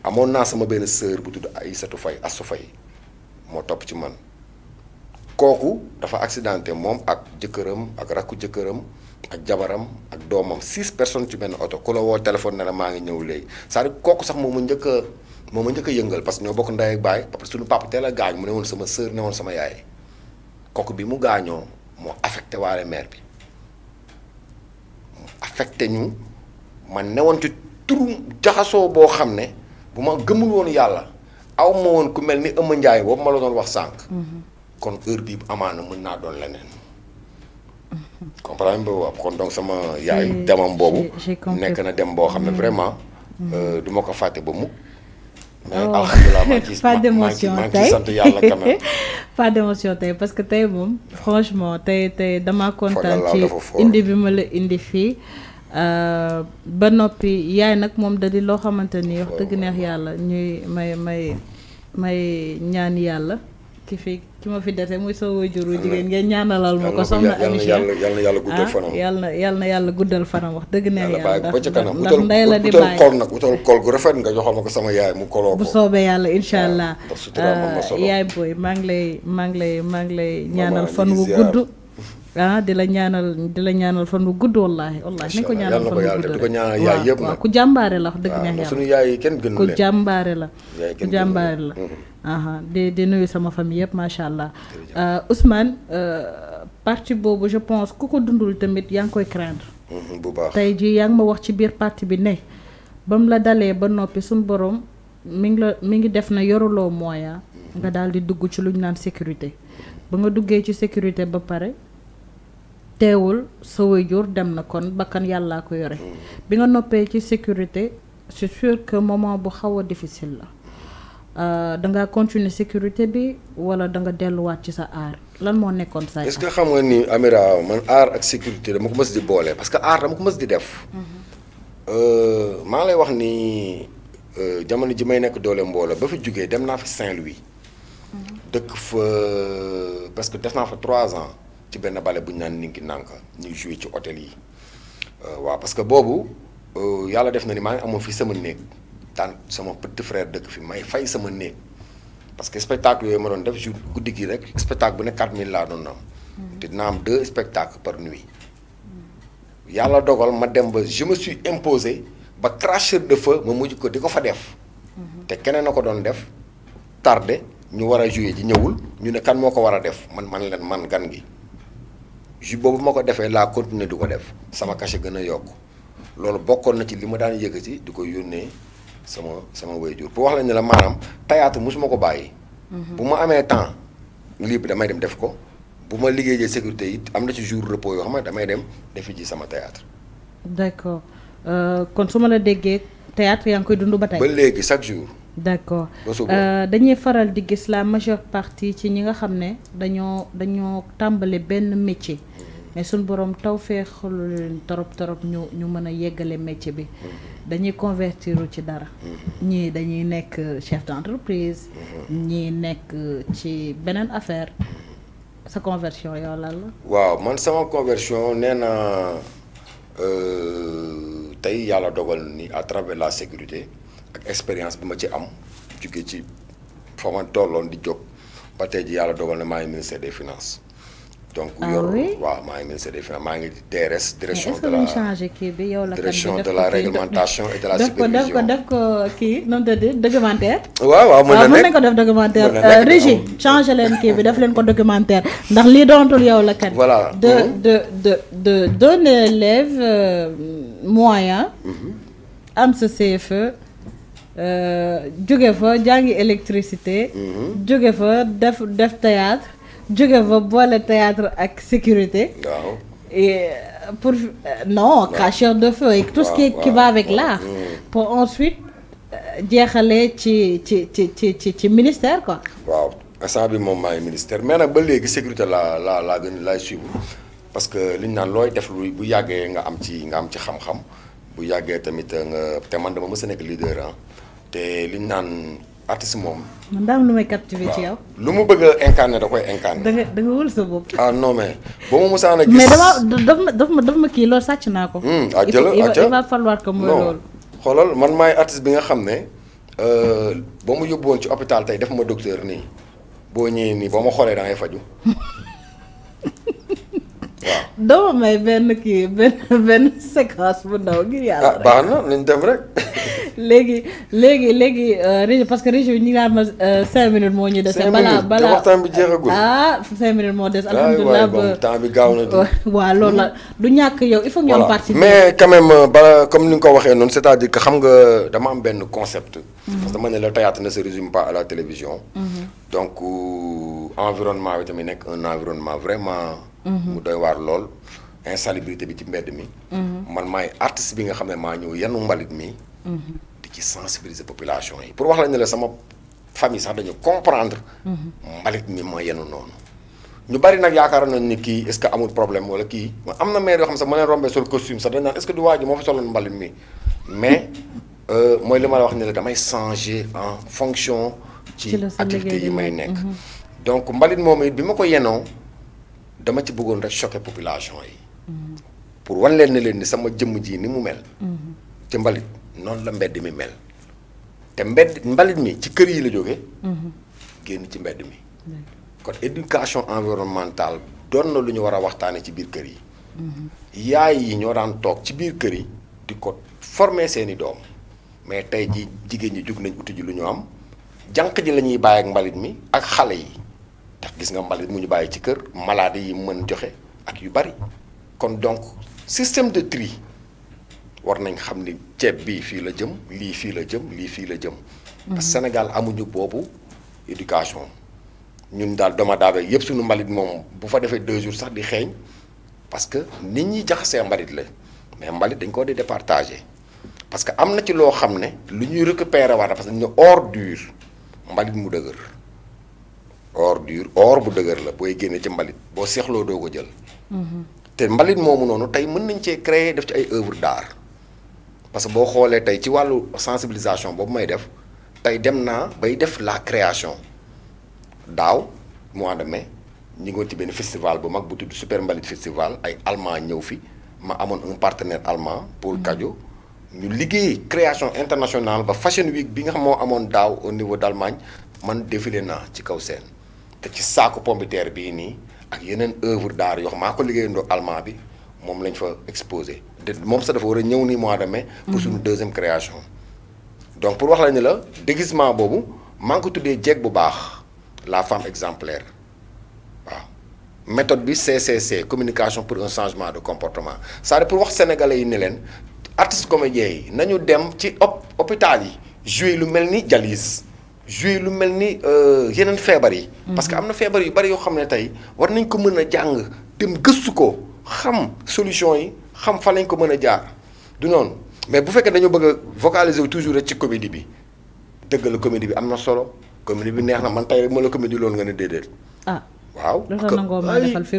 amoon naa sama benn sœur bu tudd Aïssatou Faye Assou Faye moo topp ci man kooku dafa accidenté moom ak jëkkëram ak rakku jëkkëram. ak jabaram ak doomam six personnes ci benn oto ku la woo téléphone na la maa ngi ñëw léegi c'est-à-dire kooku sax moo ma njëkk moo moom ma njëkk yëngal parce que ñoo bokk ndey ak baay parce que suñu papa teel a gaañ mu ne woon sama sœur ne woon sama yaay kooku bi mu gaañoo moo affecté waale mère bi mu affecté ñu ma newoon ci turu jaxasoo boo xam ne bu ma gëmul woon yàlla aw ma woon ku mel ni Ëmma Njaay boobu ma la doon wax sànq. Mm-hmm. kon heure bii amaana mën naa doon leneen. comprendre nga waaw kon donc sama yaay demam boobu nekk na dem boo xam ne hmm. vraiment hmm. euh, duma ko fàtte ba mukk oh. pas d'émotion tey d'émotion tey parce que tey moom franchement tey tey dama kontaan ci indi bi ma la indi fii euh, ba noppi yaay nag moom da loo xamante ni wax dëgg neex yàlla ñuy may may may ñaan yàlla ki fi ki fi dese muy sa waajuru jigéen ngeen ñaanalal ma ko soxna Aïcha ah, na yàlla na yàlla guddal fanam wax dëgg ne yàlla ba ca kanam ndax ndey la di bàyyi nga joxal ma ko sama yaay mu koloo ko bu soobee yàlla incha allah ah, yaay booy maa ngi lay maa ngi lay maa ngi lay ñaanal fan wu gudd ah, di la ñaanal di la ñaanal fan wu gudd wallaahi wallaahi nañ ko ñaanal fan bu gudd di ko ñaanal yaay yëpp nag ku jàmbaare la wax dëgg neex yàlla suñu yaay kenn gënu ku jàmbaare la ku jàmbaare la mm-hmm. de de nuyu sama famille yëpp macha allah. Euh, Ousmane euh, parti boobu je pense ku ko dundul tamit yaa ngi koy craindre. Mhm, bu tey jii yaa ngi ma wax ci biir parti bi ne. ba mu la dalee ba noppi suñu borom mi ngi la mi ngi def na yoruloo moyen nga daal di dugg ci lu ñu naan sécurité ba nga duggee ci sécurité ba pare teewul sa waajur dem na kon bakkan yàllaa ko yore mhm. bi nga noppee ci sécurité c'est sûr que moment bu xaw a difficile la. Euh, da nga continuer sécurité bi wala da delluwaat ci sa aar lan moo nekkoon sa est-ce que xam nga ni Amira man aar ak sécurité dama ko mës di boole parce que aar dama ko mës di def. Mhm. Euh, maa lay wax ni euh, jamono ji may nekk doole mbooloo ba fi jógee dem naa fi Saint-Louis. Mhm. dëkk fa parce que def naa fa trois ans ci benn bale bu ñu naan ningi nànka ñuy joué ci hôtel yi waaw parce que boobu yàlla def na ni maa ngi amoon fi sama néeg. daan sama petit frère dëkk fi may fay sama néeg parce que spectacle yooyu ma doon def jour guddi gi rek spectacle bu ne 4000 laa doon am. Hmm. te dina am deux spectacles par nuit. yàlla dogal ma dem ba je me suis imposé ba cracheur de feu ma mujj ko di ko fa def. Hmm. te keneen a ko doon def tardé ñu war a jouer ji ñëwul ñu ne kan moo ko war a def man man leen man gan gi. ju boobu ma ko defee laa continuer di ko def sama cachet gën a yokk loolu bokkoon na ci li ma daan yëkkati di ko yónnee. sama sama waajur pour wax la ne la maanaam théâtre mosuma ko bàyyi. Mhm. bu ma amee temps libre damay dem def ko bu ma liggéeyee sécurité yi am na ci jour repos yoo xam ne damay dem defi ji sama théâtre d'accord euh, kon su ma la déggee théâtre yaa ngi koy dund ba tey. ba léegi chaque jour. d'accord euh, dañuy faral di gis la majeure partie ci ñi nga xam ne dañoo dañoo tàmbali benn métier. mais suñ borom taw feexalu leen torop torop ñu ñu mën a yeggale métier bi mm-hmm. dañuy convertir ci dara mm-hmm. ñii dañuy nekk chef d'entreprise mm-hmm. ñii nekk ci beneen affaire sa conversion yow lan la waaw man sama conversion nee na euh, tey yàlla dogal ni à travers la sécurité ak expérience bi ma ci am jóge ci fa ma tolloon di jóg ba tey ji yàlla dogal na maa ministère des finances donc ah yor waaw maa ngi ministère des direction de la changé kii bi yow la direction de la réglementation et de def ko def ko kii nu mu tudd documentaire waaw waaw mën na ko def documentaire euh, régie changé leen kii bi def leen ko documentaire ndax lii doontul yow la kan voilà de mm-hmm. de de de d'un euh, mm-hmm. am sa CFE euh, jóge fa jàngi électricité mm-hmm. jóge fa def def théâtre jóge fa boole théâtre ak sécurité. waaw et euh, pour euh, non cracheur de feu et tout ce qui qui va avec l'art mm. pour ensuite euh, jeexalee ci ci ci ci ci ci ministère quoi. waaw instant moom maay ministère mais nag ba léegi sécurité laa laa laa gën laay suivre parce que li ñu naan looy def lu bu yàggee nga am ci nga am ci xam-xam bu yàggee tamit nga te man dama mës nekk leader ah. te li naan. artiste moom. man daa lu may captivé ci yow. lu mu bëgg a incarné da koy incarné. da nga da nga wël sa bopp. ah non mais ba ma musaan a gis. mais ma daf ma kii loolu sàcc naa ko. Hmm, ah jëla ah jëla il va falloir que mooy bi nga xam ne euh, ba mu yóbbu woon ci hôpital def ma docteur nii boo ñëwee nii ba ma xoolee da ngay faju waaw dama may benn kii benn benn séquence bu ndaw ngir yàlla. ah baax na nañ dem rek. léegi léegi léegi euh, parce que région bi ñu ngi laa ma euh, cinq minutes moo ñu dese. balaa balaa ah, cinq minutes moo des. alhamdulilah ba temps bi gaaw na. waaw loolu la du ñàkk yow il faut que ñu am mais quand même euh, comme ni nga ko waxee noonu c'est-à-dire que xam nga dama am benn concept. Mhm. parce que dama ne le théâtre ne se résume pas à la télévision. Mhm. donc environnement bi tamit nekk un environnement vraiment. Mhm. mu doy waar lool. insalubrité bi ci mbedd mi. man maay artiste bi nga xam ne maa ñëw mbalit mi. Mm-hmm. di ci sensibiliser population yi pour wax la ne la sama famille sax dañu comprendre. Mm-hmm. mbalit mi ma yenu noonu. ñu bari nag yaakaar nañ ni kii est-ce que amul problème wala kii am na maire yoo xam sax ma leen rombee sol costume sax dañ naan est-ce que du waa moo fa soloon mbalit mi mais euh, mooy li ma la wax ne la damay changer en fonction. ci activité yi may nekk. Mm-hmm. donc mbalit moom it bi ma ko yenoo dama ci bëggoon rek choquer population yi. pour wa leen leen ni sama jëmm ji ni mu mel. noonu la mbedd mi mel te mbedd mbalit mi ci kër yi la jóge mhm. génn ci mbedd mi kon éducation environnementale doon na lu ñu war a waxtaane ci biir kër yi mhm. yaay yi ñoo daan toog ci biir kër yi di ko former seeni doom mais tey ji jigéen ñi jug nañ uti ji lu ñu am jànq ji la ñuy bàyyi ak mbalit mi ak xale yi ndax gis nga mbalit mu ñu bàyyi ci kër maladie yi mën joxe ak yu bari kon donc système de tri war nañ xam ni ceeb bii fii la jëm lii fii la jëm lii fii la jëm. parce que Sénégal amuñu boobu éducation ñun daal doma daabe yëpp suñu mbalit moom bu fa defee deux jours sax di xeeñ parce que nit ñi jaxasee mbalit la mais mbalit dañ koo di départager parce que am na ci loo xam ne lu ñuy récupérer waat parce que ñu ordure mbalit mu dëgër ordure or bu dëgër la booy génne ci mbalit boo seexloo doo ko jël. Mhm. te mbalit moomu noonu tey mën nañ cee créer def ci ay œuvre parce que boo xoolee tey ci wàllu sensibilisation boobu may def tey dem naa bay def la création daaw mois de mai ñu ngoon ci benn festival bu mag bu tudd Super Mbalit festival ay allemand ñëw fi ma amoon un partenaire allemand pour mm. Kadio ñu liggéey création internationale ba fashion week bi nga xam moo amoon daaw au niveau d'Allemagne man défilé naa ci kaw seen te ci saaku pompiteer bii nii ak yeneen œuvre d'art yoo xam maa ko liggéeyandoo allemand bi moom lañ fa exposé te moom sax dafa war a ñëw nii mois de mai. pour suñu deuxième création. donc pour wax la ni la déguisement boobu maa ngi ko tuddee jeeg bu baax la femme exemplaire waaw méthode bi CCC communication pour un changement de comportement c'est-à-dire pour wax sénégalais yi ni leen artistes comédiens yi nañu dem ci op hôpital yi jouer lu mel ni dialyse jouer lu mel ni euh, yeneen feebar yi. parce que am na feebar yu bari yoo xam ne tey war nañ ko mën a jàng dem gëstu ko xam solution yi. xam fa lañ ko mën a jaar du noonu mais bu fekkee dañoo bëgg a vocaliser wu toujours rek ci comédie bi dëgg la comédie bi am na solo comédie bi neex na man tey rek ma la comédie loolu nga ne déedéet. ah waaw dafa nangoo ma de.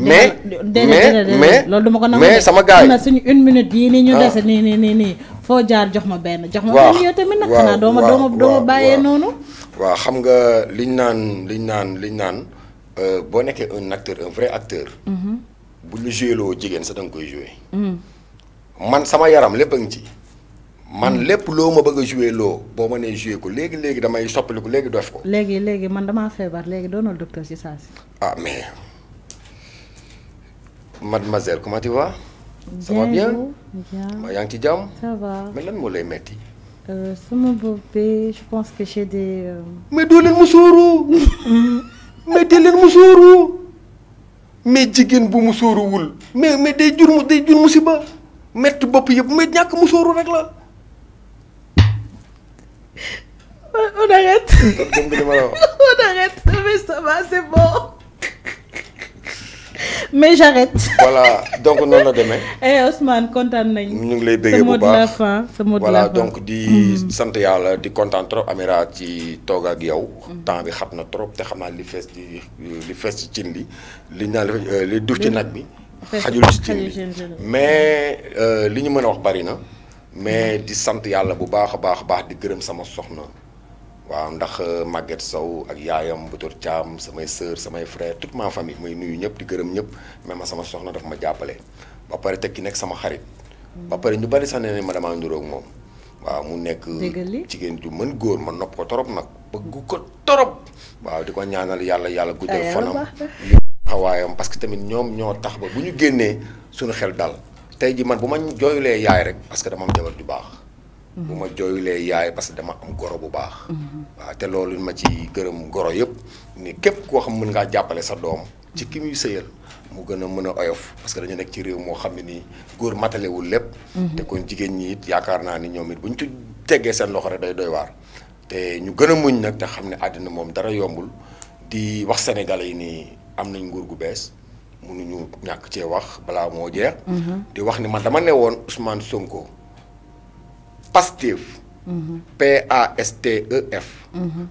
mais mais loolu duma ko nangu mais sama gars na suñu une minute yii nii ñu ah. nii nii nii nii foo jaar jox ma benn jox ma benn yow tamit nag xanaa dooma dooma dooma bàyyee noonu waaw xam nga liñ naan liñ naan liñ naan euh, boo nekkee un acteur un vrai acteur mm-hmm. bu lu joué loo jigéen sa da koy joué. Hmm. man sama yaram lépp a ci. man lépp loo ma bëgg a loo boo ma nee joué ko léegi léegi damay soppaliku léegi def ko. léegi léegi man dama feebar léegi doonal docteur ci saa si. ah mais mademoiselle comment tu vas. ça bien ma yaa ngi ci jàmm. mais euh, sama bopp bi je pense que j'ai des. Euh, mais doo leen mu sóoru mais hmm. dee leen mu sóoru mais jigéen bu musóoruwul mais mais day jur mu day jur musiba mett bopp yëpp mais ñàkk musóoru rek la. on arrête. on arrête mais ça va c'est bon. mais j'arrête voilà donc noonu la demee. eh Ousmane kontaan nañu. ñu ngi lay bëggee bu baax sa mot voilà donc di hmm. sant yàlla di kontaan trop Amira ci toog ak yow. Hmm. temps bi xat na trop te xam naa li fees di li fees ci cin li euh, li naa li duuf ci nag bi. xajul ci cin li mais euh, li ñu mën a wax bari na. mais hmm. di sant yàlla bu baax a baax a baax di gërëm sama soxna. waaw ndax euh, Maguette Sow ak yaayam Boutour Thiam samay sœur samay frère toute ma famille muy nuyu ñëpp di gërëm ñëpp ma sama soxna dafa ma jàppale ba pare tekki nekk sama xarit ba pare ñu bari sax nee nañ ma damaa niroog moom waaw mu nekk jigéen ju mën góor ma nopp ko torop nag bëgg ko torop waaw di ko ñaanal yàlla yàlla guddal fanam xawaayam parce que tamit ñoom ñoo tax ba bu ñu génnee suñu xel dal tey ji man bu ma jooyulee yaay rek parce que dama am jabar ju baax bu ma jooyulee yaay parce que dama am goro bu baax. waaw te loolu ma ci gërëm goro yëpp ni képp koo xam mën ngaa jàppale sa doom ci ki muy sëyal mu gën a mën a oyof parce que dañu nekk ci réew moo xam ne nii góor matalewul lépp. Mhm. te kon jigéen ñi it yaakaar naa ni ñoom it bu ñu ci teggee seen loxo rek day doy waar. te ñu gën a muñ nag te xam ne àddina moom dara yombul di wax sénégalais yi nii am nañ nguur gu bees. mënuñu ñàkk cee wax balaa moo jeex. Mhm. di wax ni man dama ne woon Ousmane Sonko. Pastef. P A e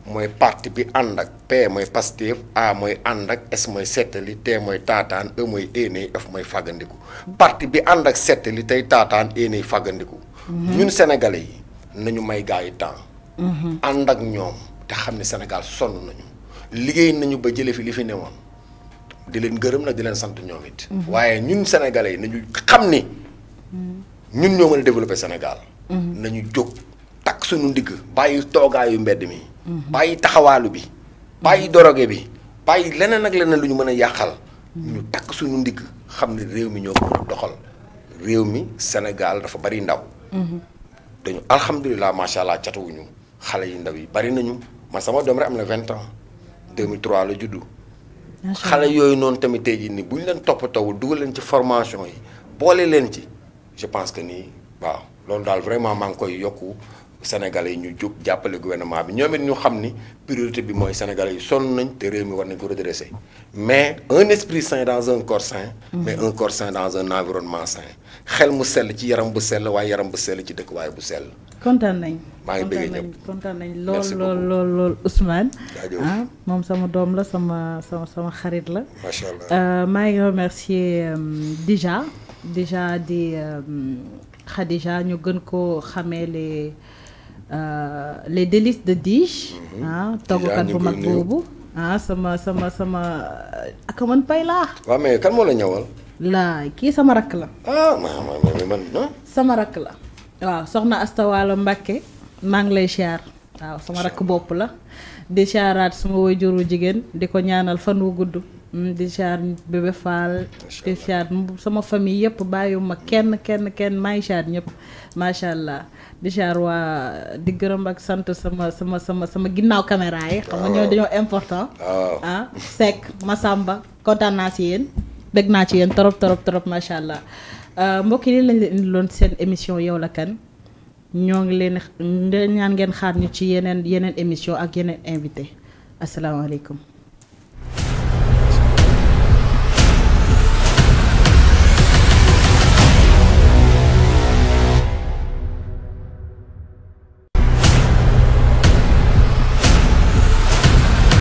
mooy parti bi ànd ak P mooy Pastef A mooy ànd ak S mooy settali T mooy taataan E mooy éeney F mooy fàggandiku. parti bi ànd ak settali tey taataan éeney fàggandiku. ñun sénégalais yi nañu may gars yi temps. ànd ak ñoom te xam ne Sénégal sonn nañu liggéey nañu ba jëlee fi li fi newoon di leen gërëm nag di leen sant ñoom it. waaye ñun sénégalais yi nañu xam ni ñun ñoo mën a Mm-hmm. nañu jóg takk suñu ndikk bàyyi toogaayu mbedd mi. Mm-hmm. bàyyi taxawaalu bi. bàyyi mm-hmm. doroge bi bàyyi leneen ak leneen lu ñu mën a yàqal. ñu takk suñu ndikk xam ne réew mi ñoo ko mën doxal réew mi Sénégal dafa bari ndaw. dañu alhamdulilah macha allah catawuñu xale yi ndaw yi bari nañu man sama doom rek am na vingt ans 2003 la juddu. xale yooyu noonu tamit tey jii nii bu ñu leen toppatawul dugal leen ci formation yi boole leen ci je pense que nii waaw. loolu daal vraiment maa ngi koy yokku sénégalais yi ñu jóg jàppale gouvernement bi ñoom it ñu xam ni priorité bi mooy sénégalais yi sonn nañ te réew mi war nañ ko redresser mais un esprit sain dans un corps sain. Mm-hmm. mais un corps sain dans un environnement sain. xel mu sell ci yaram bu sell waaye yaram bu sell ci dëkk waaye bu sell. kontaan nañ. maa ngi bëggee ñëpp kontaan nañ lool lool lool lool Ousmane. ah moom sama doom la sama sama sama xarit la. macha allah euh, maa ngi remercier déjà euh, déjà di. Euh, Khadija ñu gën koo xamee les euh, les délices de Dige. Mhm. ah toggukat bu mag boobu. Ah, sama sama sama ak man pay laa. waaw mais kan moo la ñawal. laay kii sama rakk la. ah man sama rakk la. waaw soxna Asta Walo Mbacke maa ngi lay siyaar waaw sama rakk bopp la. di caaraat suma wajuru jigéen di ko ñaanal fan wu gudd mm, di caar bébé Fall di sama famille yëpp bàyyiwuma kenn kenn kenn maay caar ñëpp macha allah di caar waa di gërëm ak sant sama sama sama sama ginnaaw caméra yi xam nga dañoo important ah Seck Massamba kontaan naa si yéen dégg naa ci yéen trop trop trop macha allah ah, mbokk yi lañ leen indiloon seen émission yow la kan ñoo ngi leen ñaan ngeen xaar ñu ci yeneen yeneen émission ak yeneen invité asalaamaaleykum